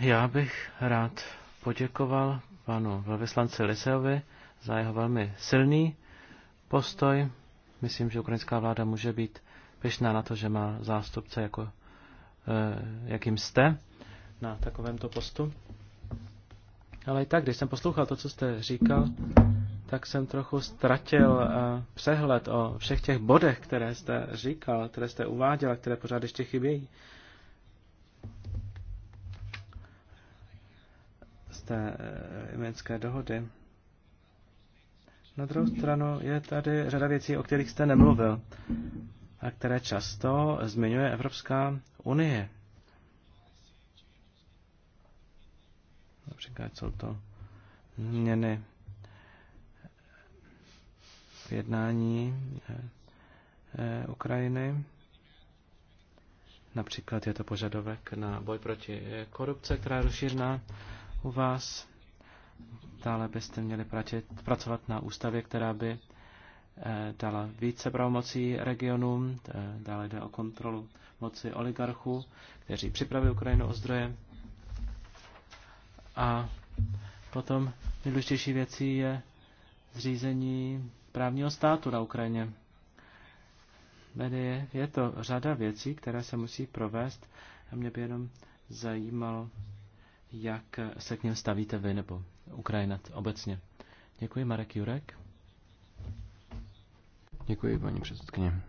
Speaker 2: Já bych rád poděkoval panu velvyslanci Liseovi za jeho velmi silný postoj Myslím, že ukrajinská vláda může být pešná na to, že má zástupce, jako, eh, jakým jste, na takovémto postu. Ale i tak, když jsem poslouchal to, co jste říkal, tak jsem trochu ztratil eh, přehled o všech těch bodech, které jste říkal, které jste uváděl a které pořád ještě chybějí. Z té eh, dohody. Na druhou stranu je tady řada věcí, o kterých jste nemluvil a které často zmiňuje Evropská unie. Například jsou to změny v jednání eh, eh, Ukrajiny. Například je to požadovek na boj proti eh, korupce, která je rozšířená u vás. Dále byste měli pratit, pracovat na ústavě, která by eh, dala více pravomocí regionům, dále jde o kontrolu moci oligarchů, kteří připravují Ukrajinu o zdroje. A potom nejdůležitější věcí je zřízení právního státu na Ukrajině. Tady je to řada věcí, které se musí provést a mě by jenom zajímalo, jak se k něm stavíte vy nebo Ukrajina obecně. Děkuji, Marek Jurek.
Speaker 3: Děkuji, paní předsedkyně.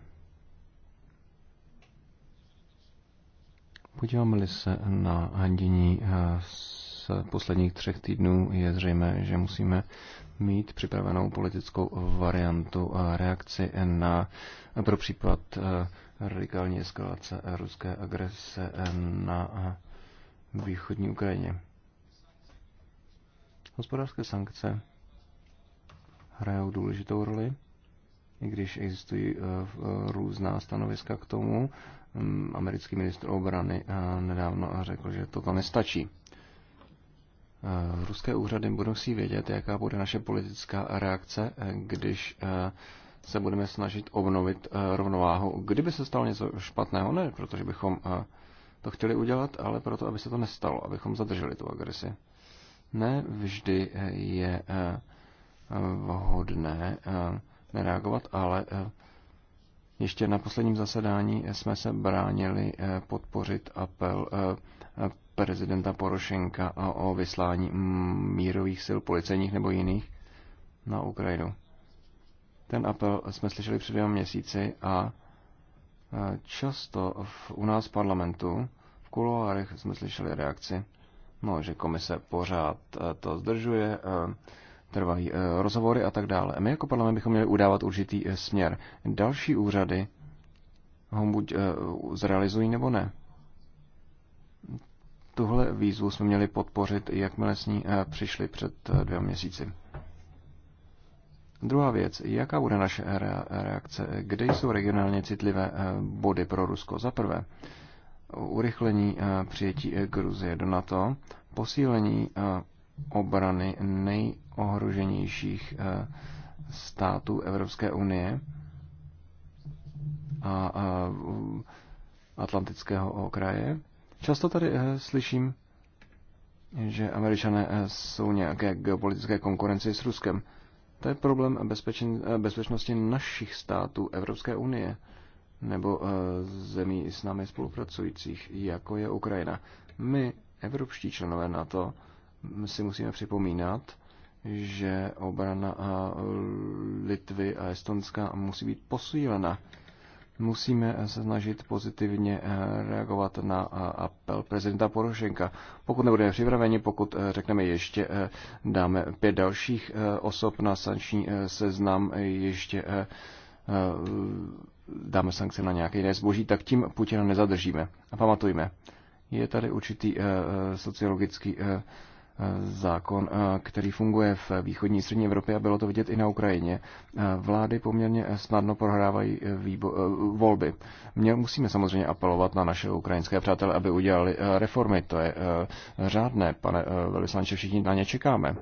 Speaker 3: Podíváme-li se na handění eh, z posledních třech týdnů, je zřejmé, že musíme mít připravenou politickou variantu a reakci na, pro případ eh, radikální eskalace ruské agrese eh, na východní Ukrajině. Hospodářské sankce hrajou důležitou roli, i když existují eh, eh, různá stanoviska k tomu. Mm, americký ministr obrany eh, nedávno řekl, že toto nestačí. Ruské úřady budou si vědět, jaká bude naše politická reakce, když se budeme snažit obnovit rovnováhu. Kdyby se stalo něco špatného, ne protože bychom to chtěli udělat, ale proto, aby se to nestalo, abychom zadrželi tu agresi ne vždy eh, je eh, vhodné nereagovat, eh, ale ještě na posledním zasedání jsme se bránili podpořit apel prezidenta Porošenka o vyslání mírových sil policejních nebo jiných na Ukrajinu. Ten apel jsme slyšeli před dvěma měsíci a často v, u nás v parlamentu v kuloárech jsme slyšeli reakci no, že komise pořád eh, to zdržuje, eh, trvají eh, rozhovory a tak dále. My jako parlament bychom měli udávat určitý směr. Další úřady ho buď zrealizují nebo ne. Tuhle výzvu jsme měli podpořit, jakmile s ní přišli před dvěma měsíci. Druhá věc, jaká bude naše reakce? Kde jsou regionálně citlivé body pro Rusko? Za prvé, urychlení eh, přijetí eh, Gruzie do NATO, posílení eh, obrany nejohroženějších států Evropské unie a Atlantického okraje. Často tady slyším, že američané jsou nějaké geopolitické konkurenci s Ruskem. To je problém bezpečnosti našich států Evropské unie nebo eh, zemí s námi spolupracujících, jako je Ukrajina. My, evropští členové NATO, si musíme připomínat, že obrana a eh, Litvy a Estonska musí být posílena. Musíme eh, se snažit pozitivně reagovat na apel prezidenta Porošenka. Pokud nebudeme připraveni, pokud řekneme ještě dáme pět dalších osob na sanční seznam, ještě dáme sankce na nějaké jiné zboží, tak tím Putina nezadržíme. A pamatujme, je tady určitý eh, eh, sociologický eh, zákon, který funguje v východní střední Evropě a bylo to vidět i na Ukrajině. Vlády poměrně snadno prohrávají výbo- volby. Mě musíme samozřejmě apelovat na naše ukrajinské přátelé, aby udělali reformy. To je řádné, pane velvyslanče, všichni na ně čekáme.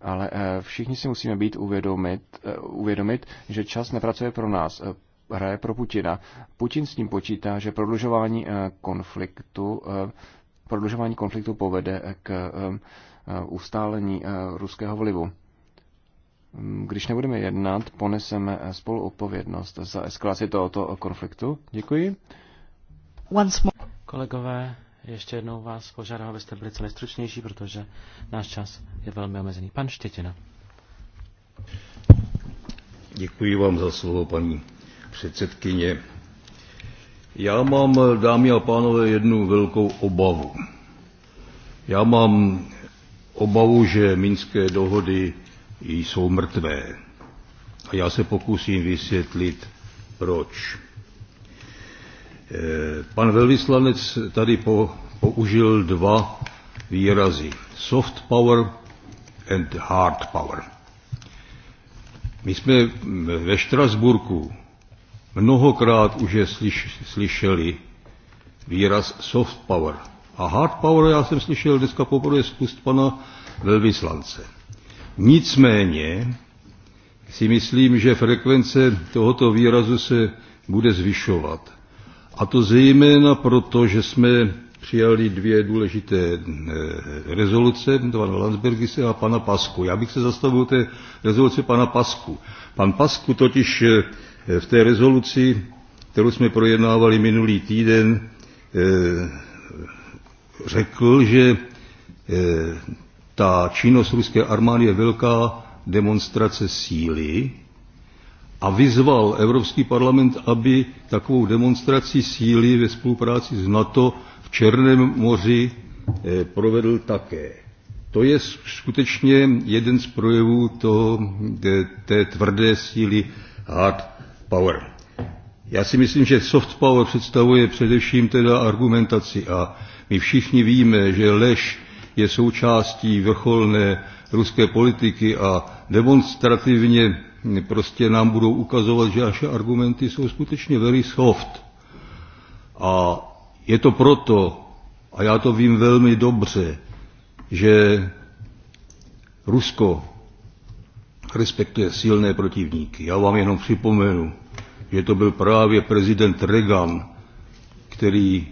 Speaker 3: Ale všichni si musíme být uvědomit, uvědomit, že čas nepracuje pro nás hraje pro Putina. Putin s ním počítá, že prodlužování eh, konfliktu, eh, prodlužování konfliktu povede eh, k ustálení ruského vlivu. Mm, když nebudeme jednat, poneseme spolu odpovědnost za eskalaci tohoto konfliktu. Děkuji. Once more.
Speaker 2: Kolegové, ještě jednou vás požádám, abyste byli celé stručnější, protože náš čas je velmi omezený. Pan Štětina.
Speaker 4: Děkuji vám za slovo, paní předsedkyně. Já mám, dámy a pánové, jednu velkou obavu. Já mám obavu, že minské dohody jsou mrtvé. A já se pokusím vysvětlit, proč. Eh, pan velvyslanec tady po, použil dva výrazy. Soft power and hard power. My jsme ve Štrasburku Mnohokrát už je slyš, slyšeli výraz soft power. A hard power já jsem slyšel dneska poprvé z úst pana velvyslance. Nicméně si myslím, že frekvence tohoto výrazu se bude zvyšovat. A to zejména proto, že jsme přijali dvě důležité eh, rezoluce, pana Landsbergise a pana Pasku. Já bych se zastavil té rezoluce pana Pasku. Pan Pasku totiž eh, Eh, v té rezoluci, kterou jsme projednávali minulý týden, eh, řekl, že eh, ta činnost ruské armády je velká demonstrace síly a vyzval Evropský parlament, aby takovou demonstraci síly ve spolupráci s NATO v Černém moři provedl také. To je skutečně jeden z projevů toho, té tvrdé síly hard power. Já si myslím, že soft power představuje především teda argumentaci a my všichni víme, že lež je součástí vrcholné ruské politiky a demonstrativně prostě nám budou ukazovat, že naše argumenty jsou skutečně very soft. A je to proto, a já to vím velmi dobře, že Rusko respektuje silné protivníky. Já vám jenom připomenu, že to byl právě prezident Reagan, který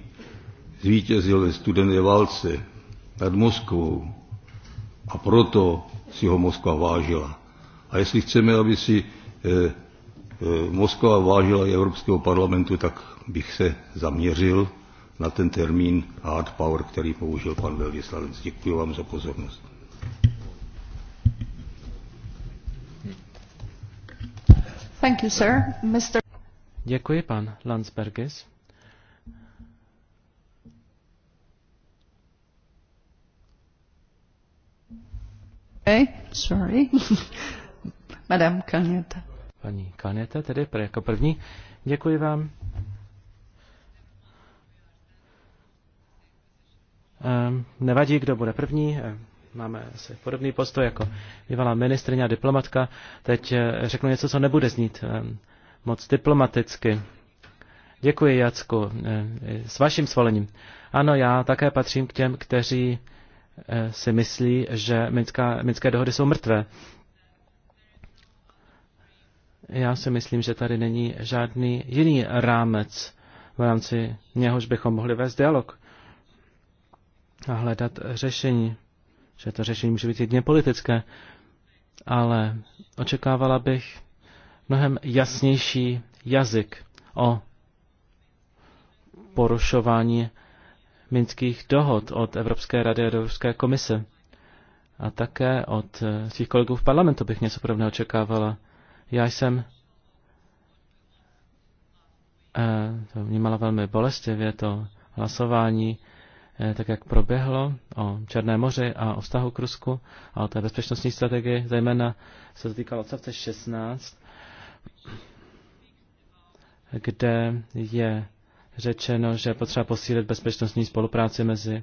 Speaker 4: zvítězil ve studené válce nad Moskvou a proto si ho Moskva vážila. A jestli chceme, aby si e, Moskva vážila i Evropského parlamentu, tak bych se zaměřil na ten termín hard power, který použil pan Velvyslavec. Děkuji vám za pozornost.
Speaker 1: Thank you, sir. Mr.
Speaker 2: Děkuji, pan Landsbergis.
Speaker 1: Okay, sorry. Madame Kaneta.
Speaker 2: Paní Kaneta, tedy jako první. Děkuji vám. Ehm, nevadí, kdo bude první. Ehm, máme asi podobný postoj jako bývalá ministrině a diplomatka. Teď eh, řeknu něco, co nebude znít eh, moc diplomaticky. Děkuji, Jacku, eh, s vaším svolením. Ano, já také patřím k těm, kteří si myslí, že minská, minské dohody jsou mrtvé. Já si myslím, že tady není žádný jiný rámec, v rámci něhož bychom mohli vést dialog a hledat řešení že to řešení může být jedně politické, ale očekávala bych mnohem jasnější jazyk o porušování minských dohod od Evropské rady a Evropské komise. A také od eh, svých kolegů v parlamentu bych něco podobného očekávala. Já jsem eh, to vnímala velmi bolestivě, to hlasování Eh, tak jak proběhlo, o Černé moři a o vztahu k Rusku a o té bezpečnostní strategii, zejména se to týkalo odstavce 16, kde je řečeno, že potřeba posílit bezpečnostní spolupráci mezi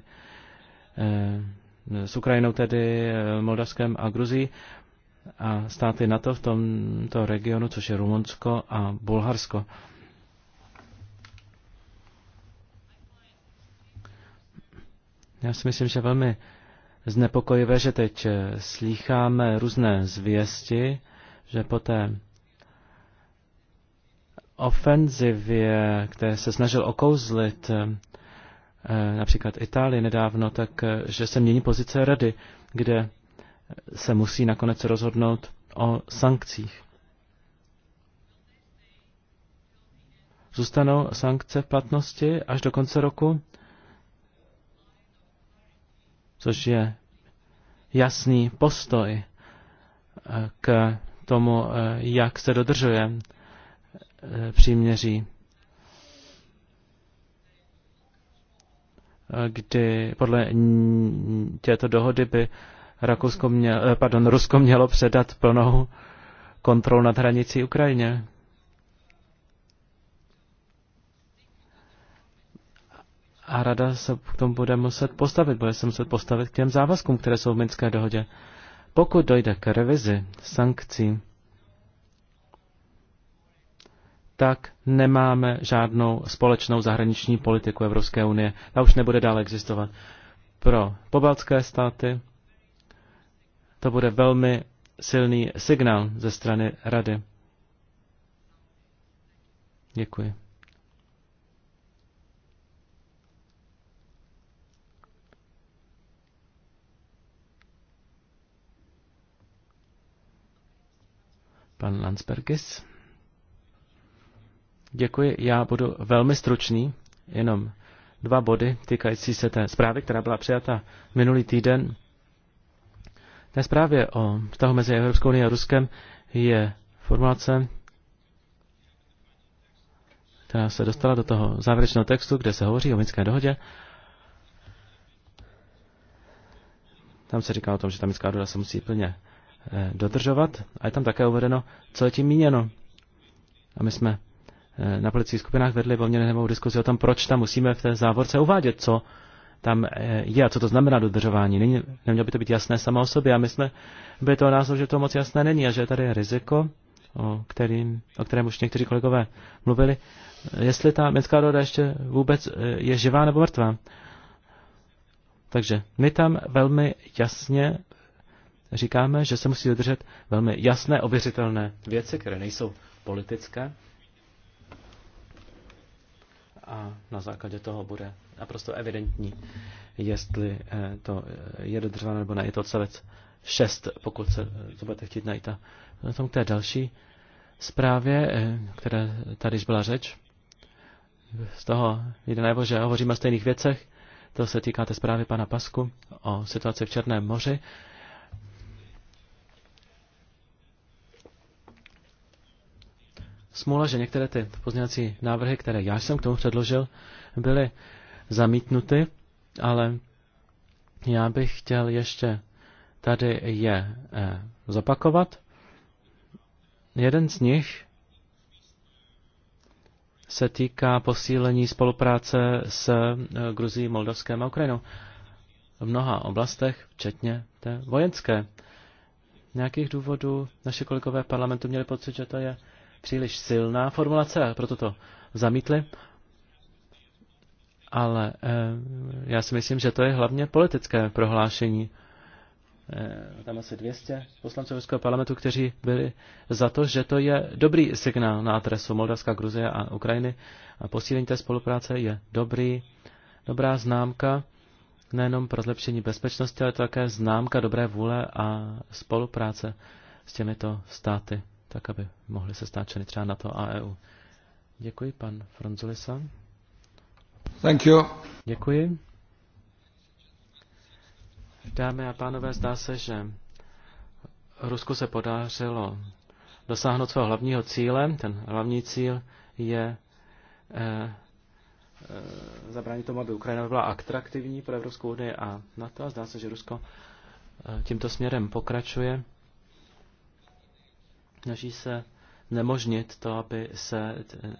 Speaker 2: eh, s Ukrajinou, tedy eh, Moldavskem a Gruzí a státy NATO v tomto regionu, což je Rumunsko a Bulharsko. Já si myslím, že velmi znepokojivé, že teď eh, slýcháme různé zvěsti, že po té ofenzivě, které se snažil okouzlit eh, eh, například Itálii nedávno, tak že se mění pozice rady, kde se musí nakonec rozhodnout o sankcích. Zůstanou sankce v platnosti až do konce roku? což je jasný postoj eh, k tomu, eh, jak se dodržuje eh, příměří. kdy podle této dohody by Rakousko mělo, pardon, Rusko mělo předat plnou kontrolu nad hranicí Ukrajině. A rada se k tomu bude muset postavit, bude se muset postavit k těm závazkům, které jsou v Minské dohodě. Pokud dojde k revizi sankcí, tak nemáme žádnou společnou zahraniční politiku Evropské unie. Ta už nebude dále existovat. Pro pobaltské státy to bude velmi silný signál ze strany Rady. Děkuji. Pan Landsbergis. Děkuji, já budu velmi stručný, jenom dva body týkající se té zprávy, která byla přijata minulý týden. Té zprávě o vztahu mezi Evropskou unii a Ruskem je formulace, která se dostala do toho závěrečného textu, kde se hovoří o Minské dohodě. Tam se říká o tom, že ta Minská dohoda se musí plně Eh, dodržovat a je tam také uvedeno, co je tím míněno. A my jsme eh, na politických skupinách vedli poměrně nebo diskuzi o tom, proč tam musíme v té závorce uvádět, co tam eh, je a co to znamená dodržování. Není, nemělo by to být jasné samo o sobě a my jsme byli toho názoru, že to moc jasné není a že tady je riziko, o, kterým, o kterém už někteří kolegové mluvili, jestli ta městská doda ještě vůbec je živá nebo mrtvá. Takže my tam velmi jasně říkáme, že se musí dodržet velmi jasné, ověřitelné věci, které nejsou politické. A na základě toho bude naprosto evidentní, jestli eh, to eh, je dodržováno nebo ne. Je to odstavec 6, pokud se eh, to budete chtít najít. A tom k té další zprávě, které tady byla řeč, z toho jde najevo, že hovoříme o stejných věcech. To se týká té zprávy pana Pasku o situaci v Černém moři. smůla, že některé ty pozměňovací návrhy, které já jsem k tomu předložil, byly zamítnuty, ale já bych chtěl ještě tady je eh, zopakovat. Jeden z nich se týká posílení spolupráce s eh, Gruzí, Moldavskem a Ukrajinou v mnoha oblastech, včetně té vojenské. Nějakých důvodů naše kolegové parlamentu měli pocit, že to je příliš silná formulace a proto to zamítli. Ale eh, já si myslím, že to je hlavně politické prohlášení. Eh, tam asi 200 poslanců Evropského parlamentu, kteří byli za to, že to je dobrý signál na adresu Moldavska, Gruzie a Ukrajiny. A posílení té spolupráce je dobrý, dobrá známka nejenom pro zlepšení bezpečnosti, ale také známka dobré vůle a spolupráce s těmito státy tak aby mohly se stát členy třeba na to AEU. Děkuji, pan Franzulisa. Thank you. Děkuji. Dámy a pánové, zdá se, že Rusku se podařilo dosáhnout svého hlavního cíle. Ten hlavní cíl je e, e, zabránit tomu, aby Ukrajina byla atraktivní pro Evropskou unii a NATO. Zdá se, že Rusko e, tímto směrem pokračuje snaží se nemožnit to, aby se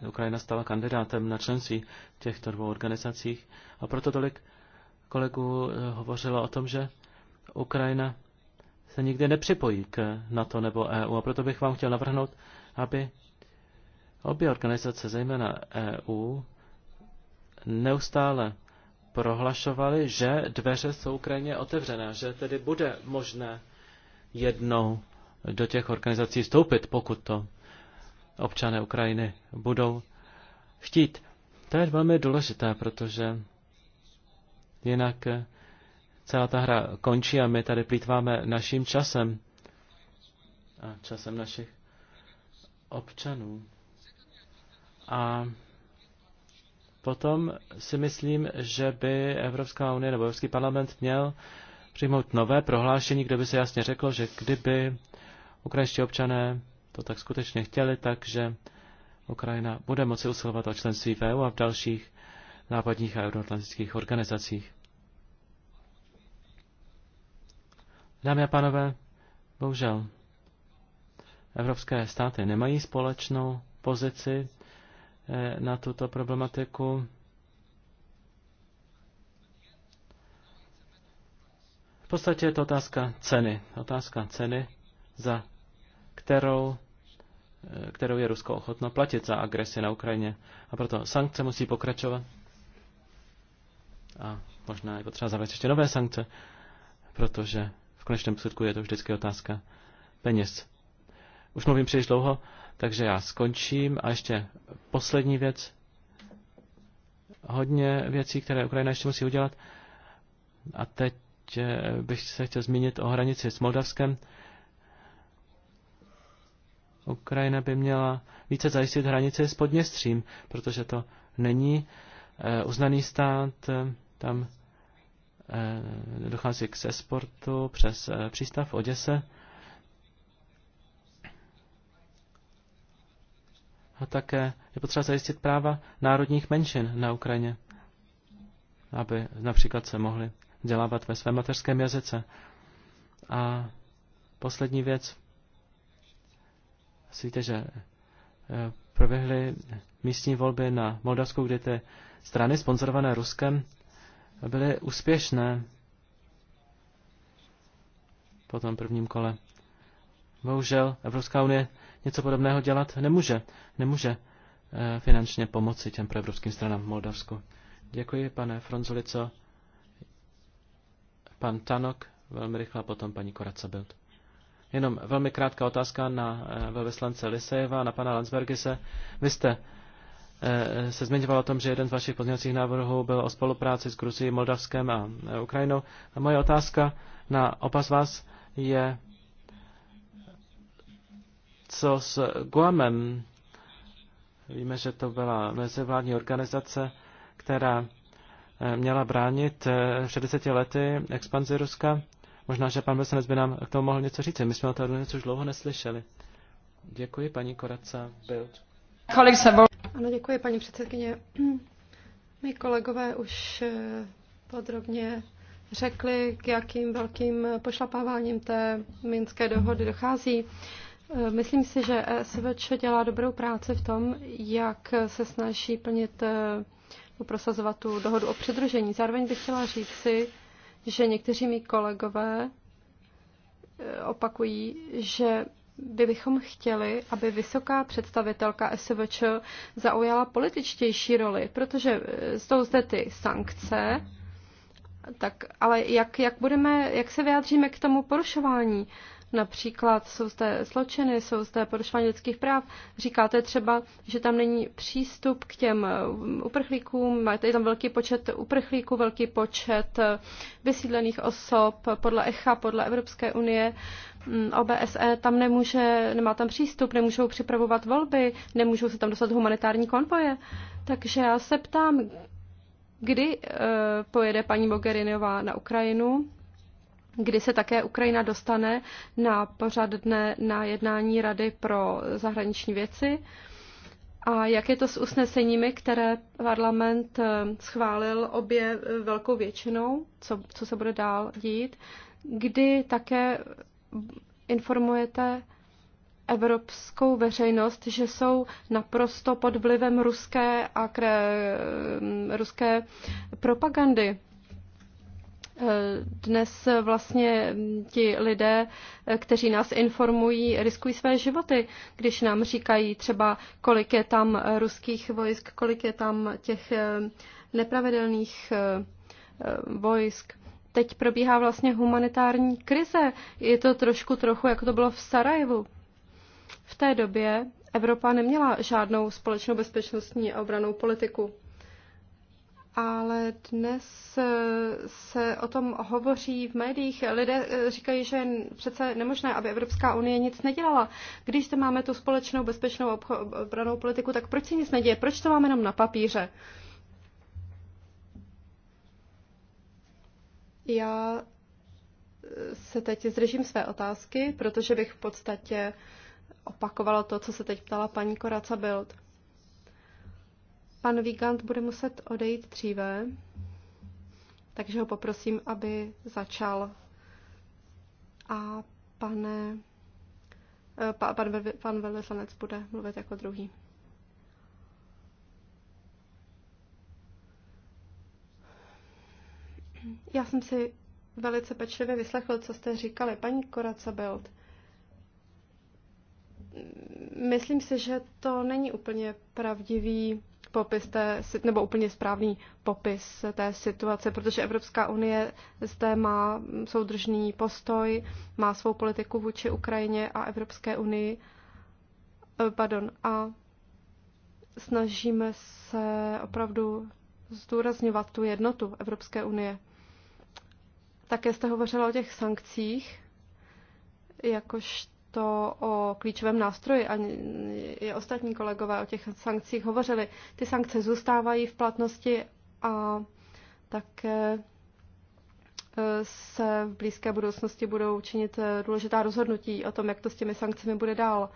Speaker 2: eh, Ukrajina stala kandidátem na členství v těchto dvou organizacích. A proto tolik kolegů eh, hovořilo o tom, že Ukrajina se nikdy nepřipojí k NATO nebo EU. A proto bych vám chtěl navrhnout, aby obě organizace, zejména EU, neustále prohlašovaly, že dveře jsou Ukrajině otevřené, že tedy bude možné jednou do těch organizací vstoupit, pokud to občané Ukrajiny budou chtít. To je velmi důležité, protože jinak celá ta hra končí a my tady plítváme naším časem a časem našich občanů. A potom si myslím, že by Evropská unie nebo Evropský parlament měl přijmout nové prohlášení, kde by se jasně řeklo, že kdyby ukrajinští občané to tak skutečně chtěli, takže Ukrajina bude moci usilovat o členství v EU a v dalších západních a euroatlantických organizacích. Dámy a pánové, bohužel, evropské státy nemají společnou pozici eh, na tuto problematiku. V podstatě je to otázka ceny. Otázka ceny za kterou, eh, kterou je Rusko ochotno platit za agresi na Ukrajině. A proto sankce musí pokračovat. A možná je potřeba zavést ještě nové sankce, protože v konečném posudku je to vždycky otázka peněz. Už mluvím příliš dlouho, takže já skončím. A ještě poslední věc. Hodně věcí, které Ukrajina ještě musí udělat. A teď eh, bych se chtěl zmínit o hranici s Moldavskem. Ukrajina by měla více zajistit hranice s Podněstřím, protože to není eh, uznaný stát, eh, tam eh, dochází k exportu přes přístav v Oděse. A také je potřeba zajistit práva národních menšin na Ukrajině, aby například se mohli dělávat ve svém mateřském jazyce. A poslední věc. Víte, že eh, proběhly místní volby na Moldavsku, kde ty strany sponzorované Ruskem byly úspěšné po tom prvním kole. Bohužel Evropská unie něco podobného dělat nemůže. Nemůže eh, finančně pomoci těm proevropským stranám v Moldavsku. Děkuji, pane Fronzulico. Pan Tanok, velmi rychle, potom paní Koracabild. Jenom velmi krátká otázka na eh, velvyslance Lisejeva, na pana Landsbergise. Vy jste eh, se zmiňoval o tom, že jeden z vašich pozměňovacích návrhů byl o spolupráci s Gruzií, Moldavskem a eh, Ukrajinou. A moje otázka na opas vás je, co s Guamem? Víme, že to byla mezivládní organizace, která měla bránit 60 lety expanzi Ruska. Možná, že pan Besenec by nám k tomu mohl něco říct. My jsme o tom něco už dlouho neslyšeli. Děkuji, paní Koraca.
Speaker 1: Kolik se Ano, děkuji, paní předsedkyně. My kolegové už eh, podrobně řekli, k jakým velkým pošlapáváním té minské dohody dochází. Eh, myslím si, že e SVČ dělá dobrou práci v tom, jak se snaží plnit eh, prosazovat tu dohodu o přidružení. Zároveň bych chtěla říct si, že někteří mý kolegové eh, opakují, že by bychom chtěli, aby vysoká představitelka SVČ zaujala političtější roli, protože eh, jsou zde ty sankce, tak, ale jak, jak, budeme, jak se vyjádříme k tomu porušování? Například jsou zde zločiny, jsou zde porušování lidských práv. Říkáte třeba, že tam není přístup k těm uh, uprchlíkům, je tam velký počet uprchlíků, velký počet uh, vysídlených osob podle ECHA, podle Evropské unie. Mm, OBSE tam nemůže, nemá tam přístup, nemůžou připravovat volby, nemůžou se tam dostat humanitární konvoje. Takže já se ptám, kdy uh, pojede paní Mogherinová na Ukrajinu kdy se také Ukrajina dostane na pořad dne na jednání Rady pro zahraniční věci. A jak je to s usneseními, které parlament eh, schválil obě eh, velkou většinou, co, co se bude dál dít, kdy také informujete evropskou veřejnost, že jsou naprosto pod vlivem ruské a kre, eh, ruské propagandy. Dnes vlastně ti lidé, kteří nás informují, riskují své životy, když nám říkají třeba, kolik je tam ruských vojsk, kolik je tam těch eh, nepravidelných eh, eh, vojsk. Teď probíhá vlastně humanitární krize. Je to trošku trochu, jako to bylo v Sarajevu. V té době Evropa neměla žádnou společnou bezpečnostní a obranou politiku ale dnes eh, se o tom hovoří v médiích. Lidé eh, říkají, že je přece nemožné, aby Evropská unie nic nedělala. Když zde máme tu společnou bezpečnou obranou politiku, tak proč se nic neděje? Proč to máme jenom na papíře? Já eh, se teď zdržím své otázky, protože bych v podstatě opakovala to, co se teď ptala paní Koraca Bild. Pan Vigant bude muset odejít dříve, takže ho poprosím, aby začal. A pane, eh, pa, pan, pan velvyslanec bude mluvit jako druhý. Já jsem si velice pečlivě vyslechl, co jste říkali, paní Koraca Belt. Mm, myslím si, že to není úplně pravdivý popis té, nebo úplně správný popis té situace, protože Evropská unie zde má soudržný postoj, má svou politiku vůči Ukrajině a Evropské unii. Eh, pardon, a snažíme se opravdu zdůrazňovat tu jednotu Evropské unie. Také jste hovořila o těch sankcích, jakož to o klíčovém nástroji a i ostatní kolegové o těch sankcích hovořili. Ty sankce zůstávají v platnosti a také eh, se v blízké budoucnosti budou činit eh, důležitá rozhodnutí o tom, jak to s těmi sankcemi bude dál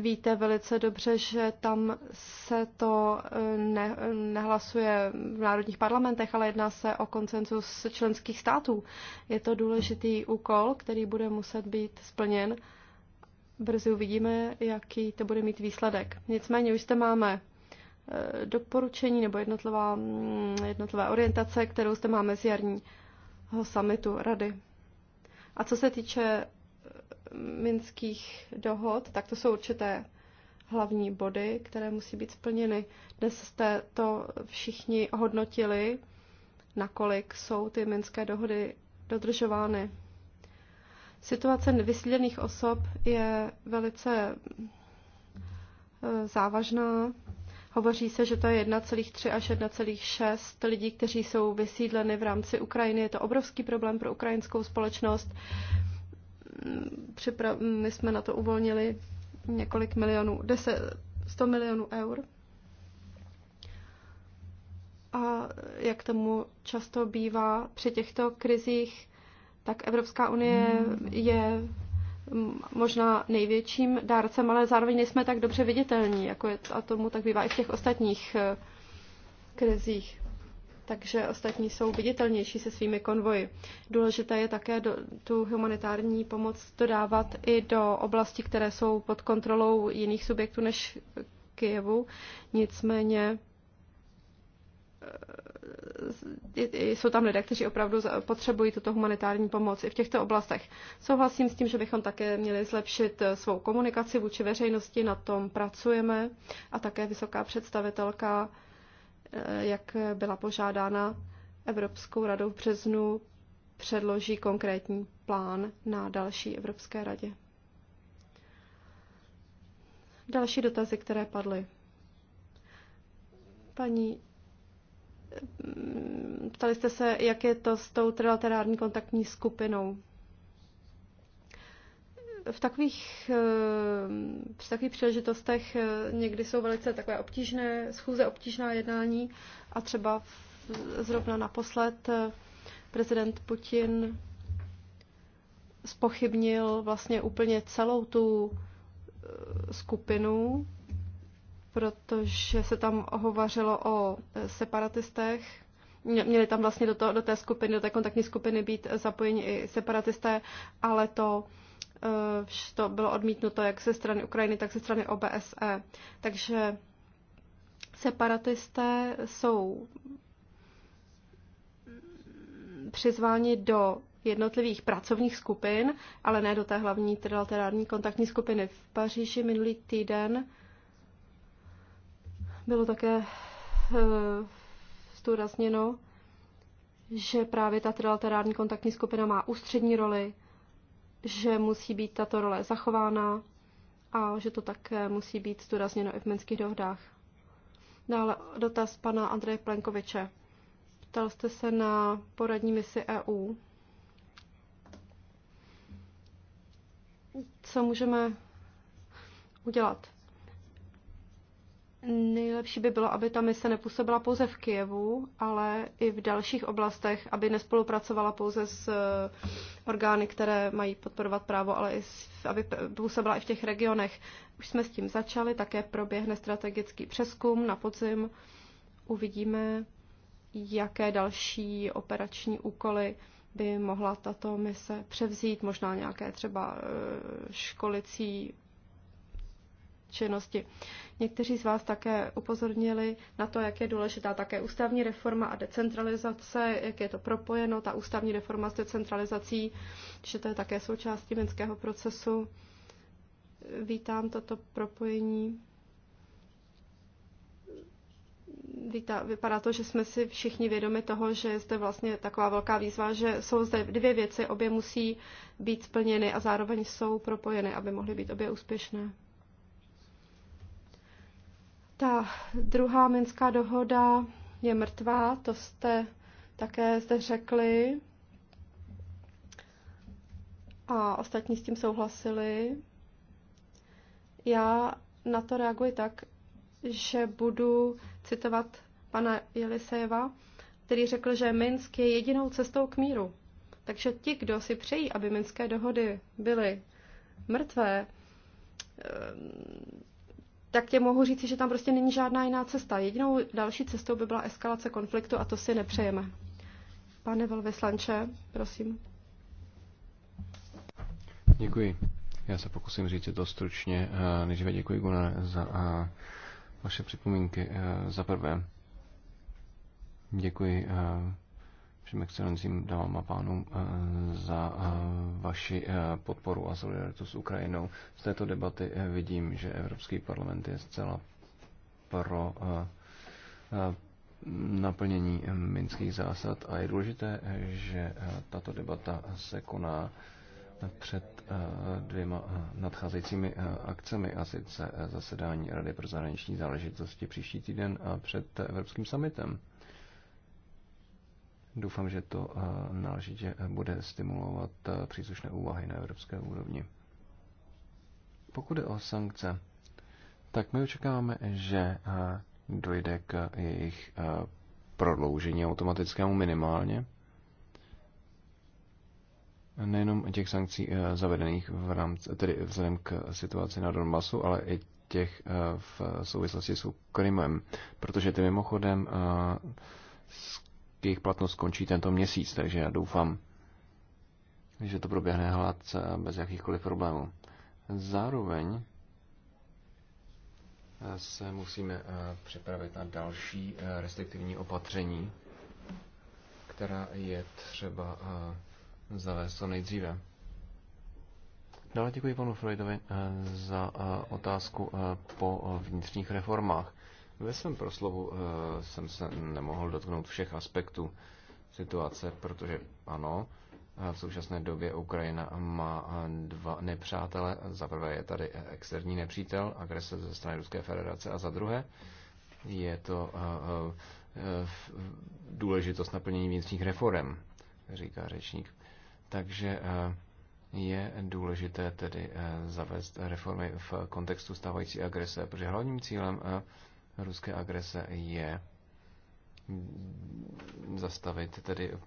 Speaker 1: víte velice dobře, že tam se to eh, ne, nehlasuje v národních parlamentech, ale jedná se o koncensus členských států. Je to důležitý úkol, který bude muset být splněn. Brzy uvidíme, jaký to bude mít výsledek. Nicméně už zde máme eh, doporučení nebo jednotlivá, mm, jednotlivá orientace, kterou zde máme z jarního samitu rady. A co se týče minských dohod, tak to jsou určité hlavní body, které musí být splněny. Dnes jste to všichni hodnotili, nakolik jsou ty minské dohody dodržovány. Situace vysídlených osob je velice eh, závažná. Hovoří se, že to je 1,3 až 1,6 lidí, kteří jsou vysídleny v rámci Ukrajiny. Je to obrovský problém pro ukrajinskou společnost připra- my jsme na to uvolnili několik milionů, 10, 100 milionů eur. A jak tomu často bývá při těchto krizích, tak Evropská unie je možná největším dárcem, ale zároveň nejsme tak dobře viditelní, jako je, a tomu tak bývá i v těch ostatních eh, krizích takže ostatní jsou viditelnější se svými konvoji. Důležité je také do, tu humanitární pomoc dodávat i do oblastí, které jsou pod kontrolou jiných subjektů než Kijevu. Nicméně e, e, jsou tam lidé, kteří opravdu potřebují tuto humanitární pomoc i v těchto oblastech. Souhlasím s tím, že bychom také měli zlepšit e, svou komunikaci vůči veřejnosti, na tom pracujeme a také vysoká představitelka Eh, jak byla požádána Evropskou radou v březnu, předloží konkrétní plán na další Evropské radě. Další dotazy, které padly. Paní, eh, ptali jste se, jak je to s tou trilaterární kontaktní skupinou v takových, v eh, takových příležitostech eh, někdy jsou velice takové obtížné, schůze obtížná jednání a třeba zrovna naposled eh, prezident Putin spochybnil vlastně úplně celou tu skupinu, protože se tam hovařilo o separatistech. Měli tam vlastně do, to, do té skupiny, do té kontaktní skupiny být zapojeni i separatisté, ale to Eh, to bylo odmítnuto jak ze strany Ukrajiny, tak ze strany OBSE. Takže separatisté jsou přizváni do jednotlivých pracovních skupin, ale ne do té hlavní trilaterální kontaktní skupiny. V Paříži minulý týden bylo také e, zdůrazněno, že právě ta trilaterální kontaktní skupina má ústřední roli že musí být tato role zachována a že to také musí být zdůrazněno i v minských dohodách. Dále dotaz pana Andreje Plenkoviče. Ptal jste se na poradní misi EU. Co můžeme udělat? Nejlepší by bylo, aby ta mise nepůsobila pouze v Kijevu, ale i v dalších oblastech, aby nespolupracovala pouze s eh, orgány, které mají podporovat právo, ale i aby působila i v těch regionech. Už jsme s tím začali, také proběhne strategický přeskum na podzim. Uvidíme, jaké další operační úkoly by mohla tato mise převzít, možná nějaké třeba eh, školicí činnosti. Někteří z vás také upozornili na to, jak je důležitá také ústavní reforma a decentralizace, jak je to propojeno, ta ústavní reforma s decentralizací, že to je také součástí minského procesu. Vítám toto propojení. Vítá, vypadá to, že jsme si všichni vědomi toho, že je zde vlastně taková velká výzva, že jsou zde dvě věci, obě musí být splněny a zároveň jsou propojeny, aby mohly být obě úspěšné. Ta druhá minská dohoda je mrtvá, to jste také zde řekli. A ostatní s tím souhlasili. Já na to reaguji tak, že budu citovat pana Jelisejeva, který řekl, že Minsk je jedinou cestou k míru. Takže ti, kdo si přejí, aby minské dohody byly mrtvé, tak tě mohu říct, že tam prostě není žádná jiná cesta. Jedinou další cestou by byla eskalace konfliktu a to si nepřejeme. Pane velvyslanče, prosím.
Speaker 3: Děkuji. Já se pokusím říct to stručně. Eh, nejdříve děkuji, Gunnar, za eh, vaše připomínky. Eh, za prvé, děkuji všem excelencím, dámám a pánům eh, za eh, vaši eh, podporu a solidaritu s Ukrajinou. Z této debaty vidím, že Evropský parlament je zcela pro naplnění minských zásad a je důležité, že tato debata se koná před dvěma nadcházejícími akcemi, a sice zasedání Rady pro zahraniční záležitosti příští týden a před Evropským summitem. Doufám, že to eh, náležitě eh, bude stimulovat eh, příslušné úvahy na evropské úrovni. Pokud je o sankce, tak my očekáváme, že dojde k jejich prodloužení automatickému minimálně. Nejenom těch sankcí zavedených v rámci, tedy vzhledem k situaci na Donbasu, ale i těch v souvislosti s Krymem, protože ty mimochodem jejich platnost končí tento měsíc, takže já doufám, že to proběhne hladce bez jakýchkoliv problémů. Zároveň eh, se musíme eh, připravit na další eh, restriktivní opatření, která je třeba zavést co nejdříve. Dále děkuji panu Freudovi za otázku po vnitřních reformách. Ve svém proslovu eh, jsem se nemohl dotknout všech aspektů situace, protože ano, eh, v současné době Ukrajina má eh, dva nepřátele. Za prvé je tady externí nepřítel, agrese ze strany Ruské federace a za druhé je to důležitost naplnění vnitřních reform, říká řečník. Takže je důležité tedy zavést reformy v kontextu stávající agrese, protože hlavním cílem ruské agrese je zastavit, tedy,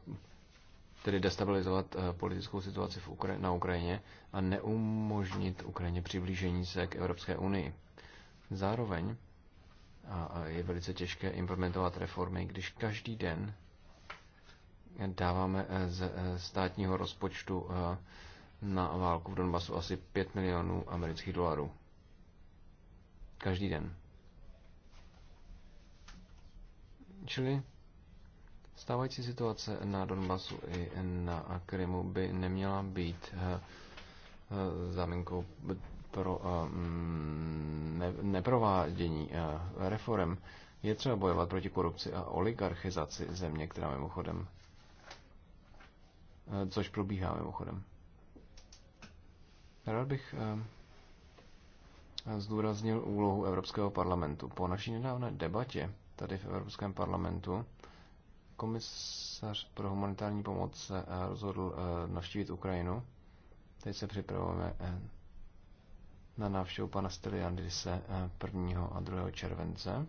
Speaker 3: tedy destabilizovat eh, politickou situaci v Ukra- na Ukrajině a neumožnit Ukrajině přiblížení se k Evropské unii. Zároveň a je velice těžké implementovat reformy, když každý den dáváme eh, z eh, státního rozpočtu na válku v Donbasu asi 5 milionů amerických dolarů. Každý den. Čili stávající situace na Donbasu i na Krymu by neměla být eh, eh, záminkou pro eh, mm, neprovádění reform. Je třeba bojovat proti korupci a oligarchizaci země, která mimochodem, což probíhá mimochodem. Rád bych zdůraznil úlohu Evropského parlamentu. Po naší nedávné debatě tady v Evropském parlamentu. Komisař pro humanitární pomoc se eh, rozhodl eh, navštívit Ukrajinu. Teď se připravujeme eh, na návštěvu pana Styliandise 1. a 2. července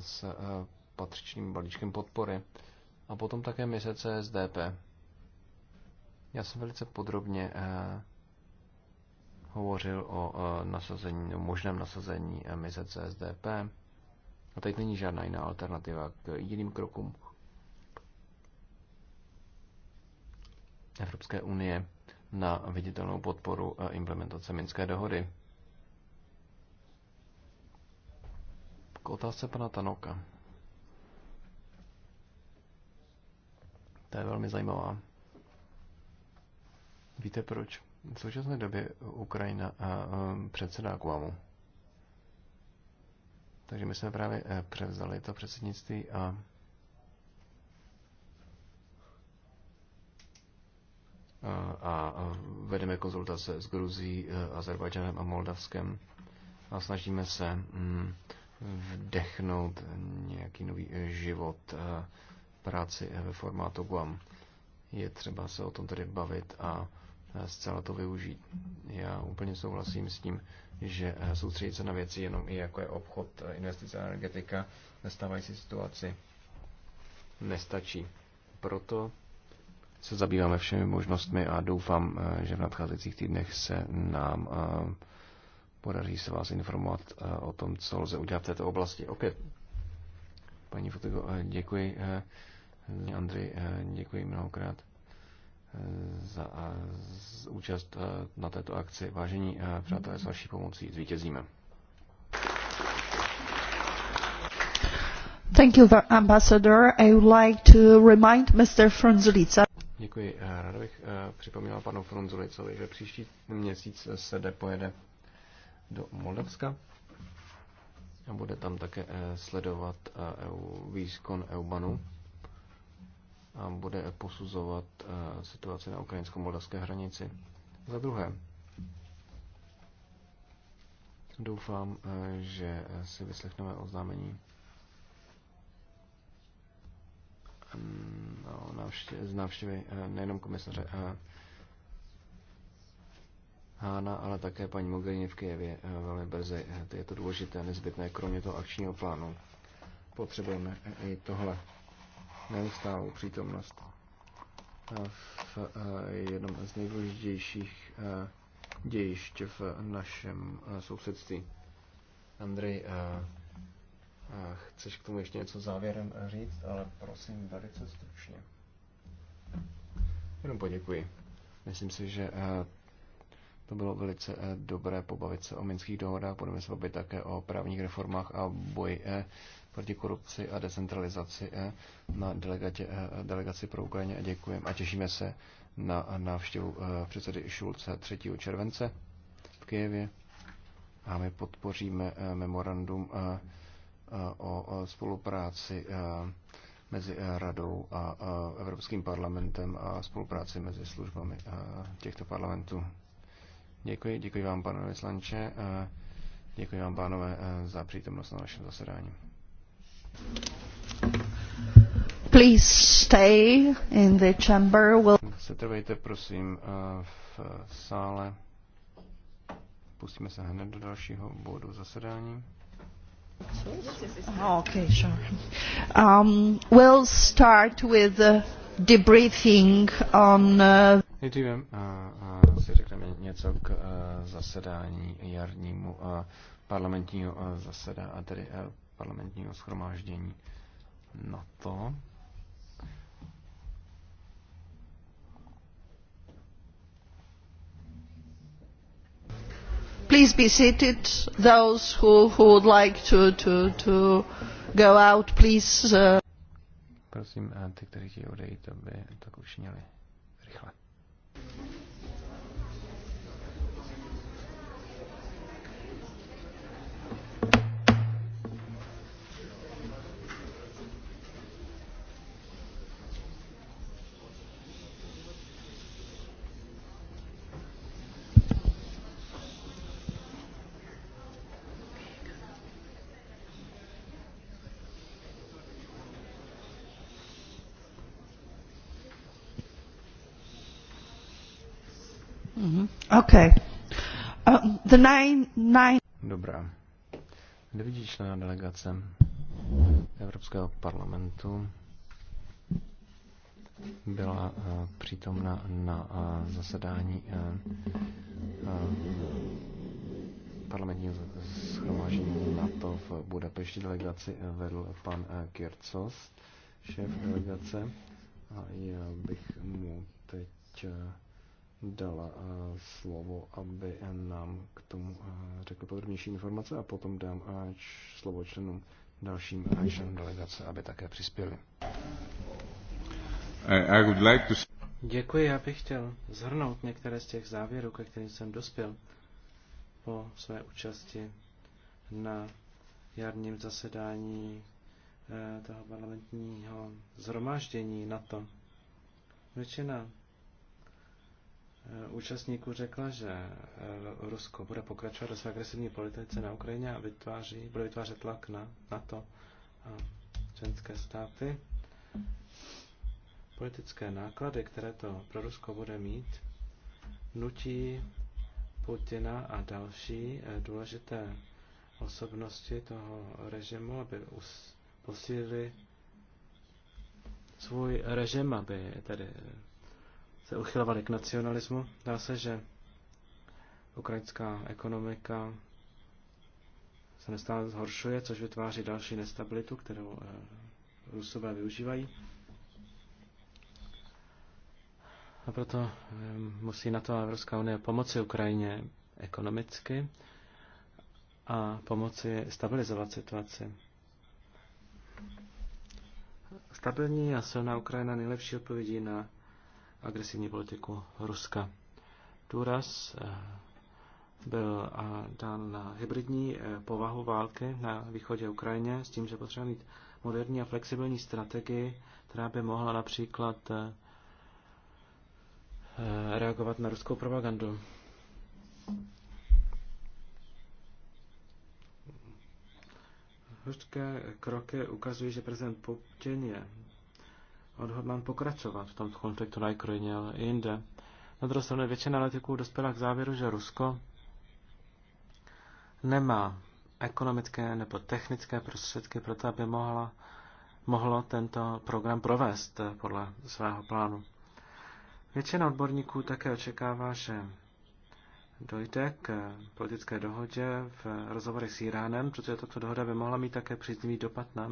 Speaker 3: s patřičným balíčkem podpory. A potom také mise CSDP. Já jsem velice podrobně hovořil o e, nasazení, o možném nasazení e, mise CSDP. A teď není žádná jiná alternativa k jiným krokům Evropské unie na viditelnou podporu e, implementace Minské dohody. K otázce pana Tanoka. To je velmi zajímavá. Víte proč? V současné době Ukrajina předsedá Guamu. Takže my jsme právě e, převzali to předsednictví a a vedeme konzultace s Gruzí, e, Azerbajdžanem a Moldavskem a snažíme se mm, vdechnout nějaký nový e, život práci ve formátu Guam. Je třeba se o tom tedy bavit a zcela to využít. Já úplně souhlasím s tím, že soustředit se na věci jenom i jako je obchod, investice a energetika ve stávající situaci nestačí. Proto se zabýváme všemi možnostmi a doufám, že v nadcházejících týdnech se nám podaří se vás informovat o tom, co lze udělat v této oblasti. Opět, paní Fotego, děkuji. Andrej, děkuji mnohokrát za z účast na této akci. Vážení přátelé, s vaší pomocí zvítězíme.
Speaker 1: Thank you, Ambassador. I would like to remind Mr. Frunzulica.
Speaker 3: Děkuji. Rád bych připomněla panu Frunzulicovi, že příští měsíc se pojede do Moldavska a bude tam také e, sledovat výzkon EUBANu bude posuzovat eh, situaci na ukrajinsko-moldavské hranici. Za druhé, doufám, eh, že si vyslechneme oznámení mm, no, z návštěvy eh, nejenom komisaře Hána, ale také paní Mogherini v Kijevě velmi brzy. Je to důležité, nezbytné, kromě toho akčního plánu. Potřebujeme i tohle neustálou přítomnost v eh, jednom z nejdůležitějších eh, dějišť v našem eh, sousedství. Andrej, chceš k tomu ještě něco závěrem říct, ale prosím velice stručně. Jenom poděkuji. Myslím si, že to bylo velice dobré pobavit se o minských dohodách, budeme se bavit také o právních reformách a boji proti korupci a decentralizaci eh, na delegatě, eh, delegaci pro Ukrajině a děkujeme a těšíme se na návštěvu eh, předsedy Šulce 3. července v Kijevě a my podpoříme memorandum o spolupráci mezi radou a Evropským parlamentem a spolupráci mezi službami těchto parlamentů. Děkuji, děkuji vám, pane vyslanče, děkuji vám, pánové, za přítomnost na našem zasedání.
Speaker 1: Please stay in the chamber. We'll...
Speaker 3: Setrvejte prosím eh, v eh, sále. Pustíme se hned do dalšího bodu zasedání.
Speaker 4: Oh, okay, sure.
Speaker 1: Um, we'll start with the debriefing on. Uh...
Speaker 3: Nejdříve uh, uh, si řekneme něco k uh, zasedání jarnímu uh, parlamentního uh, zasedání, a tedy uh, parlamentního schromáždění na to.
Speaker 1: Please be seated. Those who, who would like to, to, to go out, please. Uh...
Speaker 3: Prosím, eh, ty, kteří chtějí odejít, aby to už měli rychle.
Speaker 4: Uh, the
Speaker 1: nine, nine...
Speaker 3: Dobrá. Kde vidí člena delegace Evropského parlamentu? Byla uh, přítomna na uh, zasedání uh, uh parlamentního schromáždění NATO v Budapešti. Delegaci uh, vedl pan uh, Kircos, šéf delegace. A já bych mu teď dala eh, slovo, aby nám k tomu eh, řekl podrobnější informace a potom dám eh, slovo členům dalším členům delegace, aby také přispěli.
Speaker 4: I would like to...
Speaker 2: Děkuji, já bych chtěl zhrnout některé z těch závěrů, ke kterým jsem dospěl po své účasti na jarním zasedání toho parlamentního zhromáždění NATO. Většina Eh, účastníků řekla, že eh, Rusko bude pokračovat ve své agresivní politice na Ukrajině a vytváří, bude vytvářet tlak na NATO a členské státy. Politické náklady, které to pro Rusko bude mít, nutí Putina a další eh, důležité osobnosti toho režimu, aby posílili svůj režim, aby tedy se uchylovali k nacionalismu. Dá se, že ukrajinská ekonomika se nestále zhoršuje, což vytváří další nestabilitu, kterou eh, Rusové využívají. A proto eh, musí na to Evropská unie pomoci Ukrajině ekonomicky a pomoci stabilizovat situaci. Stabilní a silná Ukrajina nejlepší odpovědí na agresivní politiku Ruska. Důraz eh, byl dán na hybridní eh, povahu války na východě Ukrajině s tím, že potřeba mít moderní a flexibilní strategii, která by mohla například eh, reagovat na ruskou propagandu. Ruské kroky ukazují, že prezident Putin je odhodlán pokračovat v tom konfliktu na Ukrajině, ale i jinde. Na druhou stranu většina analytiků dospěla k závěru, že Rusko nemá ekonomické nebo technické prostředky pro to, aby mohla, mohlo tento program provést podle svého plánu. Většina odborníků také očekává, že dojde k politické dohodě v rozhovorech s Iránem, protože tato dohoda by mohla mít také příznivý dopad na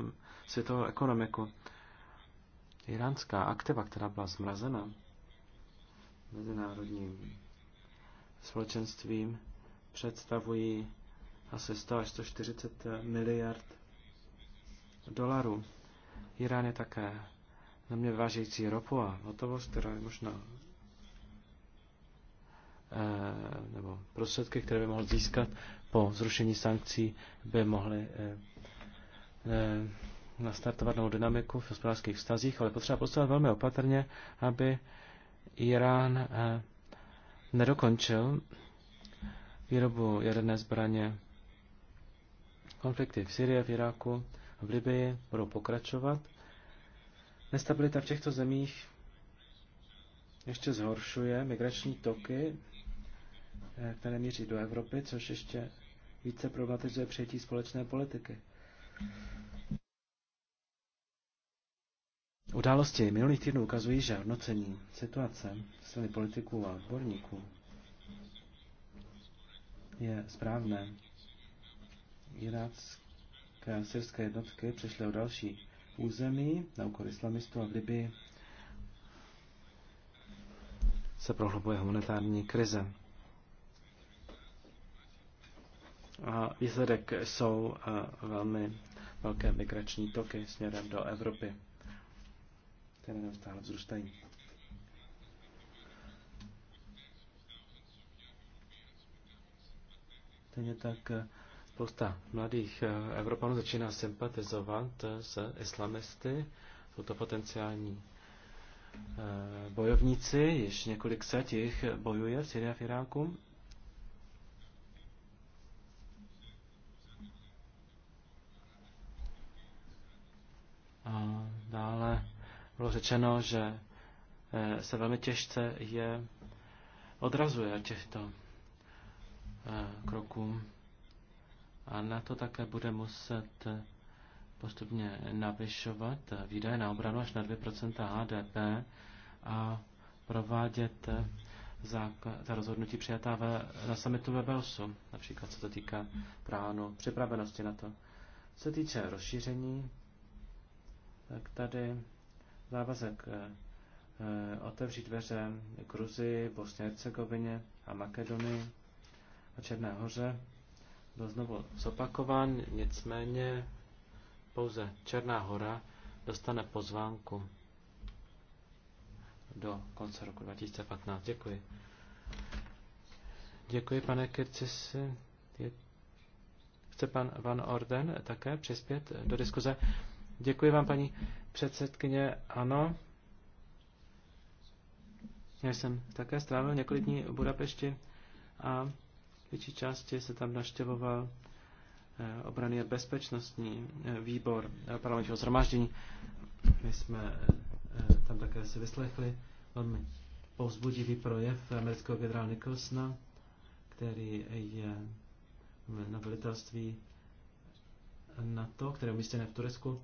Speaker 2: světovou ekonomiku iránská aktiva, která byla zmrazena mezinárodním společenstvím, představují asi 100 až 140 miliard dolarů. Irán je také na mě vážející ropu a hotovost, která je možná eh, nebo prostředky, které by mohl získat po zrušení sankcí, by mohly eh, eh, nastartovat novou dynamiku v hospodářských vztazích, ale potřeba postupovat velmi opatrně, aby Irán eh, nedokončil výrobu jaderné zbraně. Konflikty v Syrii, v Iráku, v Libii budou pokračovat. Nestabilita v těchto zemích ještě zhoršuje migrační toky, eh, které míří do Evropy, což ještě více problematizuje přijetí společné politiky. Události minulých týdnů ukazují, že hodnocení situace strany politiků a odborníků je správné. Irácké a syrské jednotky přišly o další území na úkor islamistů a v Libii se prohlubuje humanitární krize. A výsledek jsou eh, velmi velké migrační toky směrem do Evropy které neustále vzrůstají. Stejně tak eh, spousta mladých eh, Evropanů začíná sympatizovat eh, s islamisty. Jsou to potenciální bojovníci, již několik set jich bojuje v Syrii a v Iráku. A dále bylo řečeno, že eh, se velmi těžce je odrazuje od těchto eh, kroků. A na to také bude muset postupně navyšovat výdaje na obranu až na 2% HDP a provádět eh, za, za rozhodnutí přijatá ve, na summitu ve Velsu, například co to týká pránu, připravenosti na to. Co se týče rozšíření, tak tady závazek eh, eh, otevřít dveře Gruzii, Bosně Hercegovině a Makedonii a Černé hoře byl znovu zopakován, nicméně pouze Černá hora dostane pozvánku do konce roku 2015. Děkuji. Děkuji, pane Kircisi. Je... Chce pan Van Orden také přispět do diskuze? Děkuji vám, paní Předsedkyně, ano. Já jsem také strávil několik dní v Budapešti a větší části se tam naštěvoval eh, obrany a bezpečnostní eh, výbor eh, parlamentního zhromáždění. My jsme tam také si vyslechli velmi povzbudivý projev amerického generála Nicholsona, který je na velitelství NATO, které je umístěné v Turecku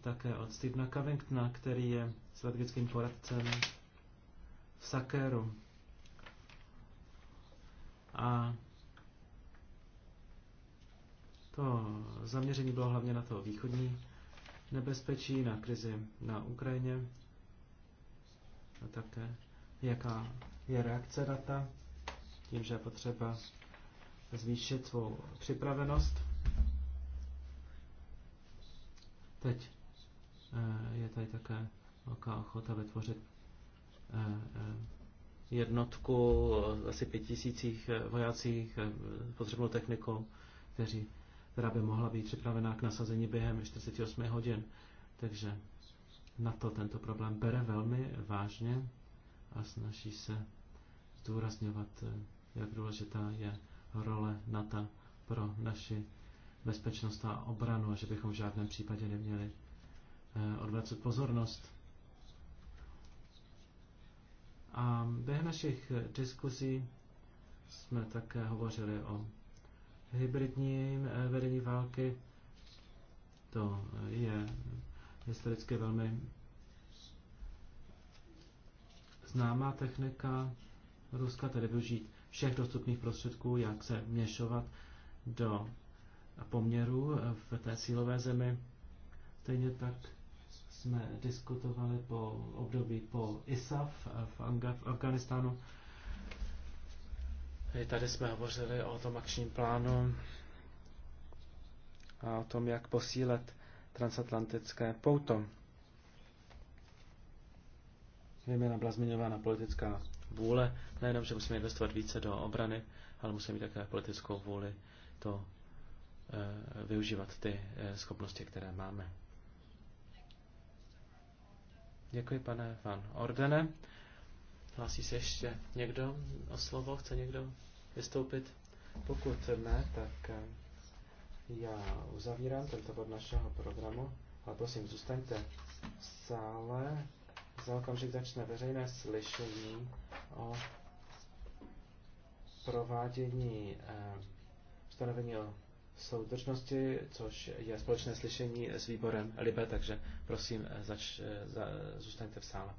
Speaker 2: také od Stephena Covingtona, který je strategickým poradcem v Sakéru. A to zaměření bylo hlavně na to východní nebezpečí, na krizi na Ukrajině a také jaká je reakce data, tím, že je potřeba zvýšit svou připravenost. Teď Eh, je tady také velká ochota vytvořit eh, eh, jednotku asi pět tisících vojácích potřebnou technikou, kteří, která by mohla být připravená k nasazení během 48 hodin. Takže na to tento problém bere velmi vážně a snaží se zdůrazňovat, jak důležitá je role NATO pro naši bezpečnost a obranu a že bychom v žádném případě neměli Eh, odvracet pozornost. A během našich eh, diskuzí jsme také hovořili o hybridním eh, vedení války. To je historicky velmi známá technika Ruska, tedy využít všech dostupných prostředků, jak se měšovat do poměru v té sílové zemi. Stejně tak jsme diskutovali po období po ISAF v, Afganistánu. I tady jsme hovořili o tom akčním plánu a o tom, jak posílet transatlantické pouto. Zejména byla zmiňována politická vůle, nejenom, že musíme investovat více do obrany, ale musíme mít také politickou vůli to e, využívat ty e, schopnosti, které máme. Děkuji, pane Van Ordene. Hlásí se ještě někdo o slovo? Chce někdo vystoupit? Pokud ne, tak eh, já uzavírám tento bod našeho programu, ale prosím, zůstaňte v sále. Za okamžik začne veřejné slyšení o provádění eh, stanovení o soudržnosti, což je společné slyšení s výborem Libe, takže prosím, zač, za, zůstaňte v sále.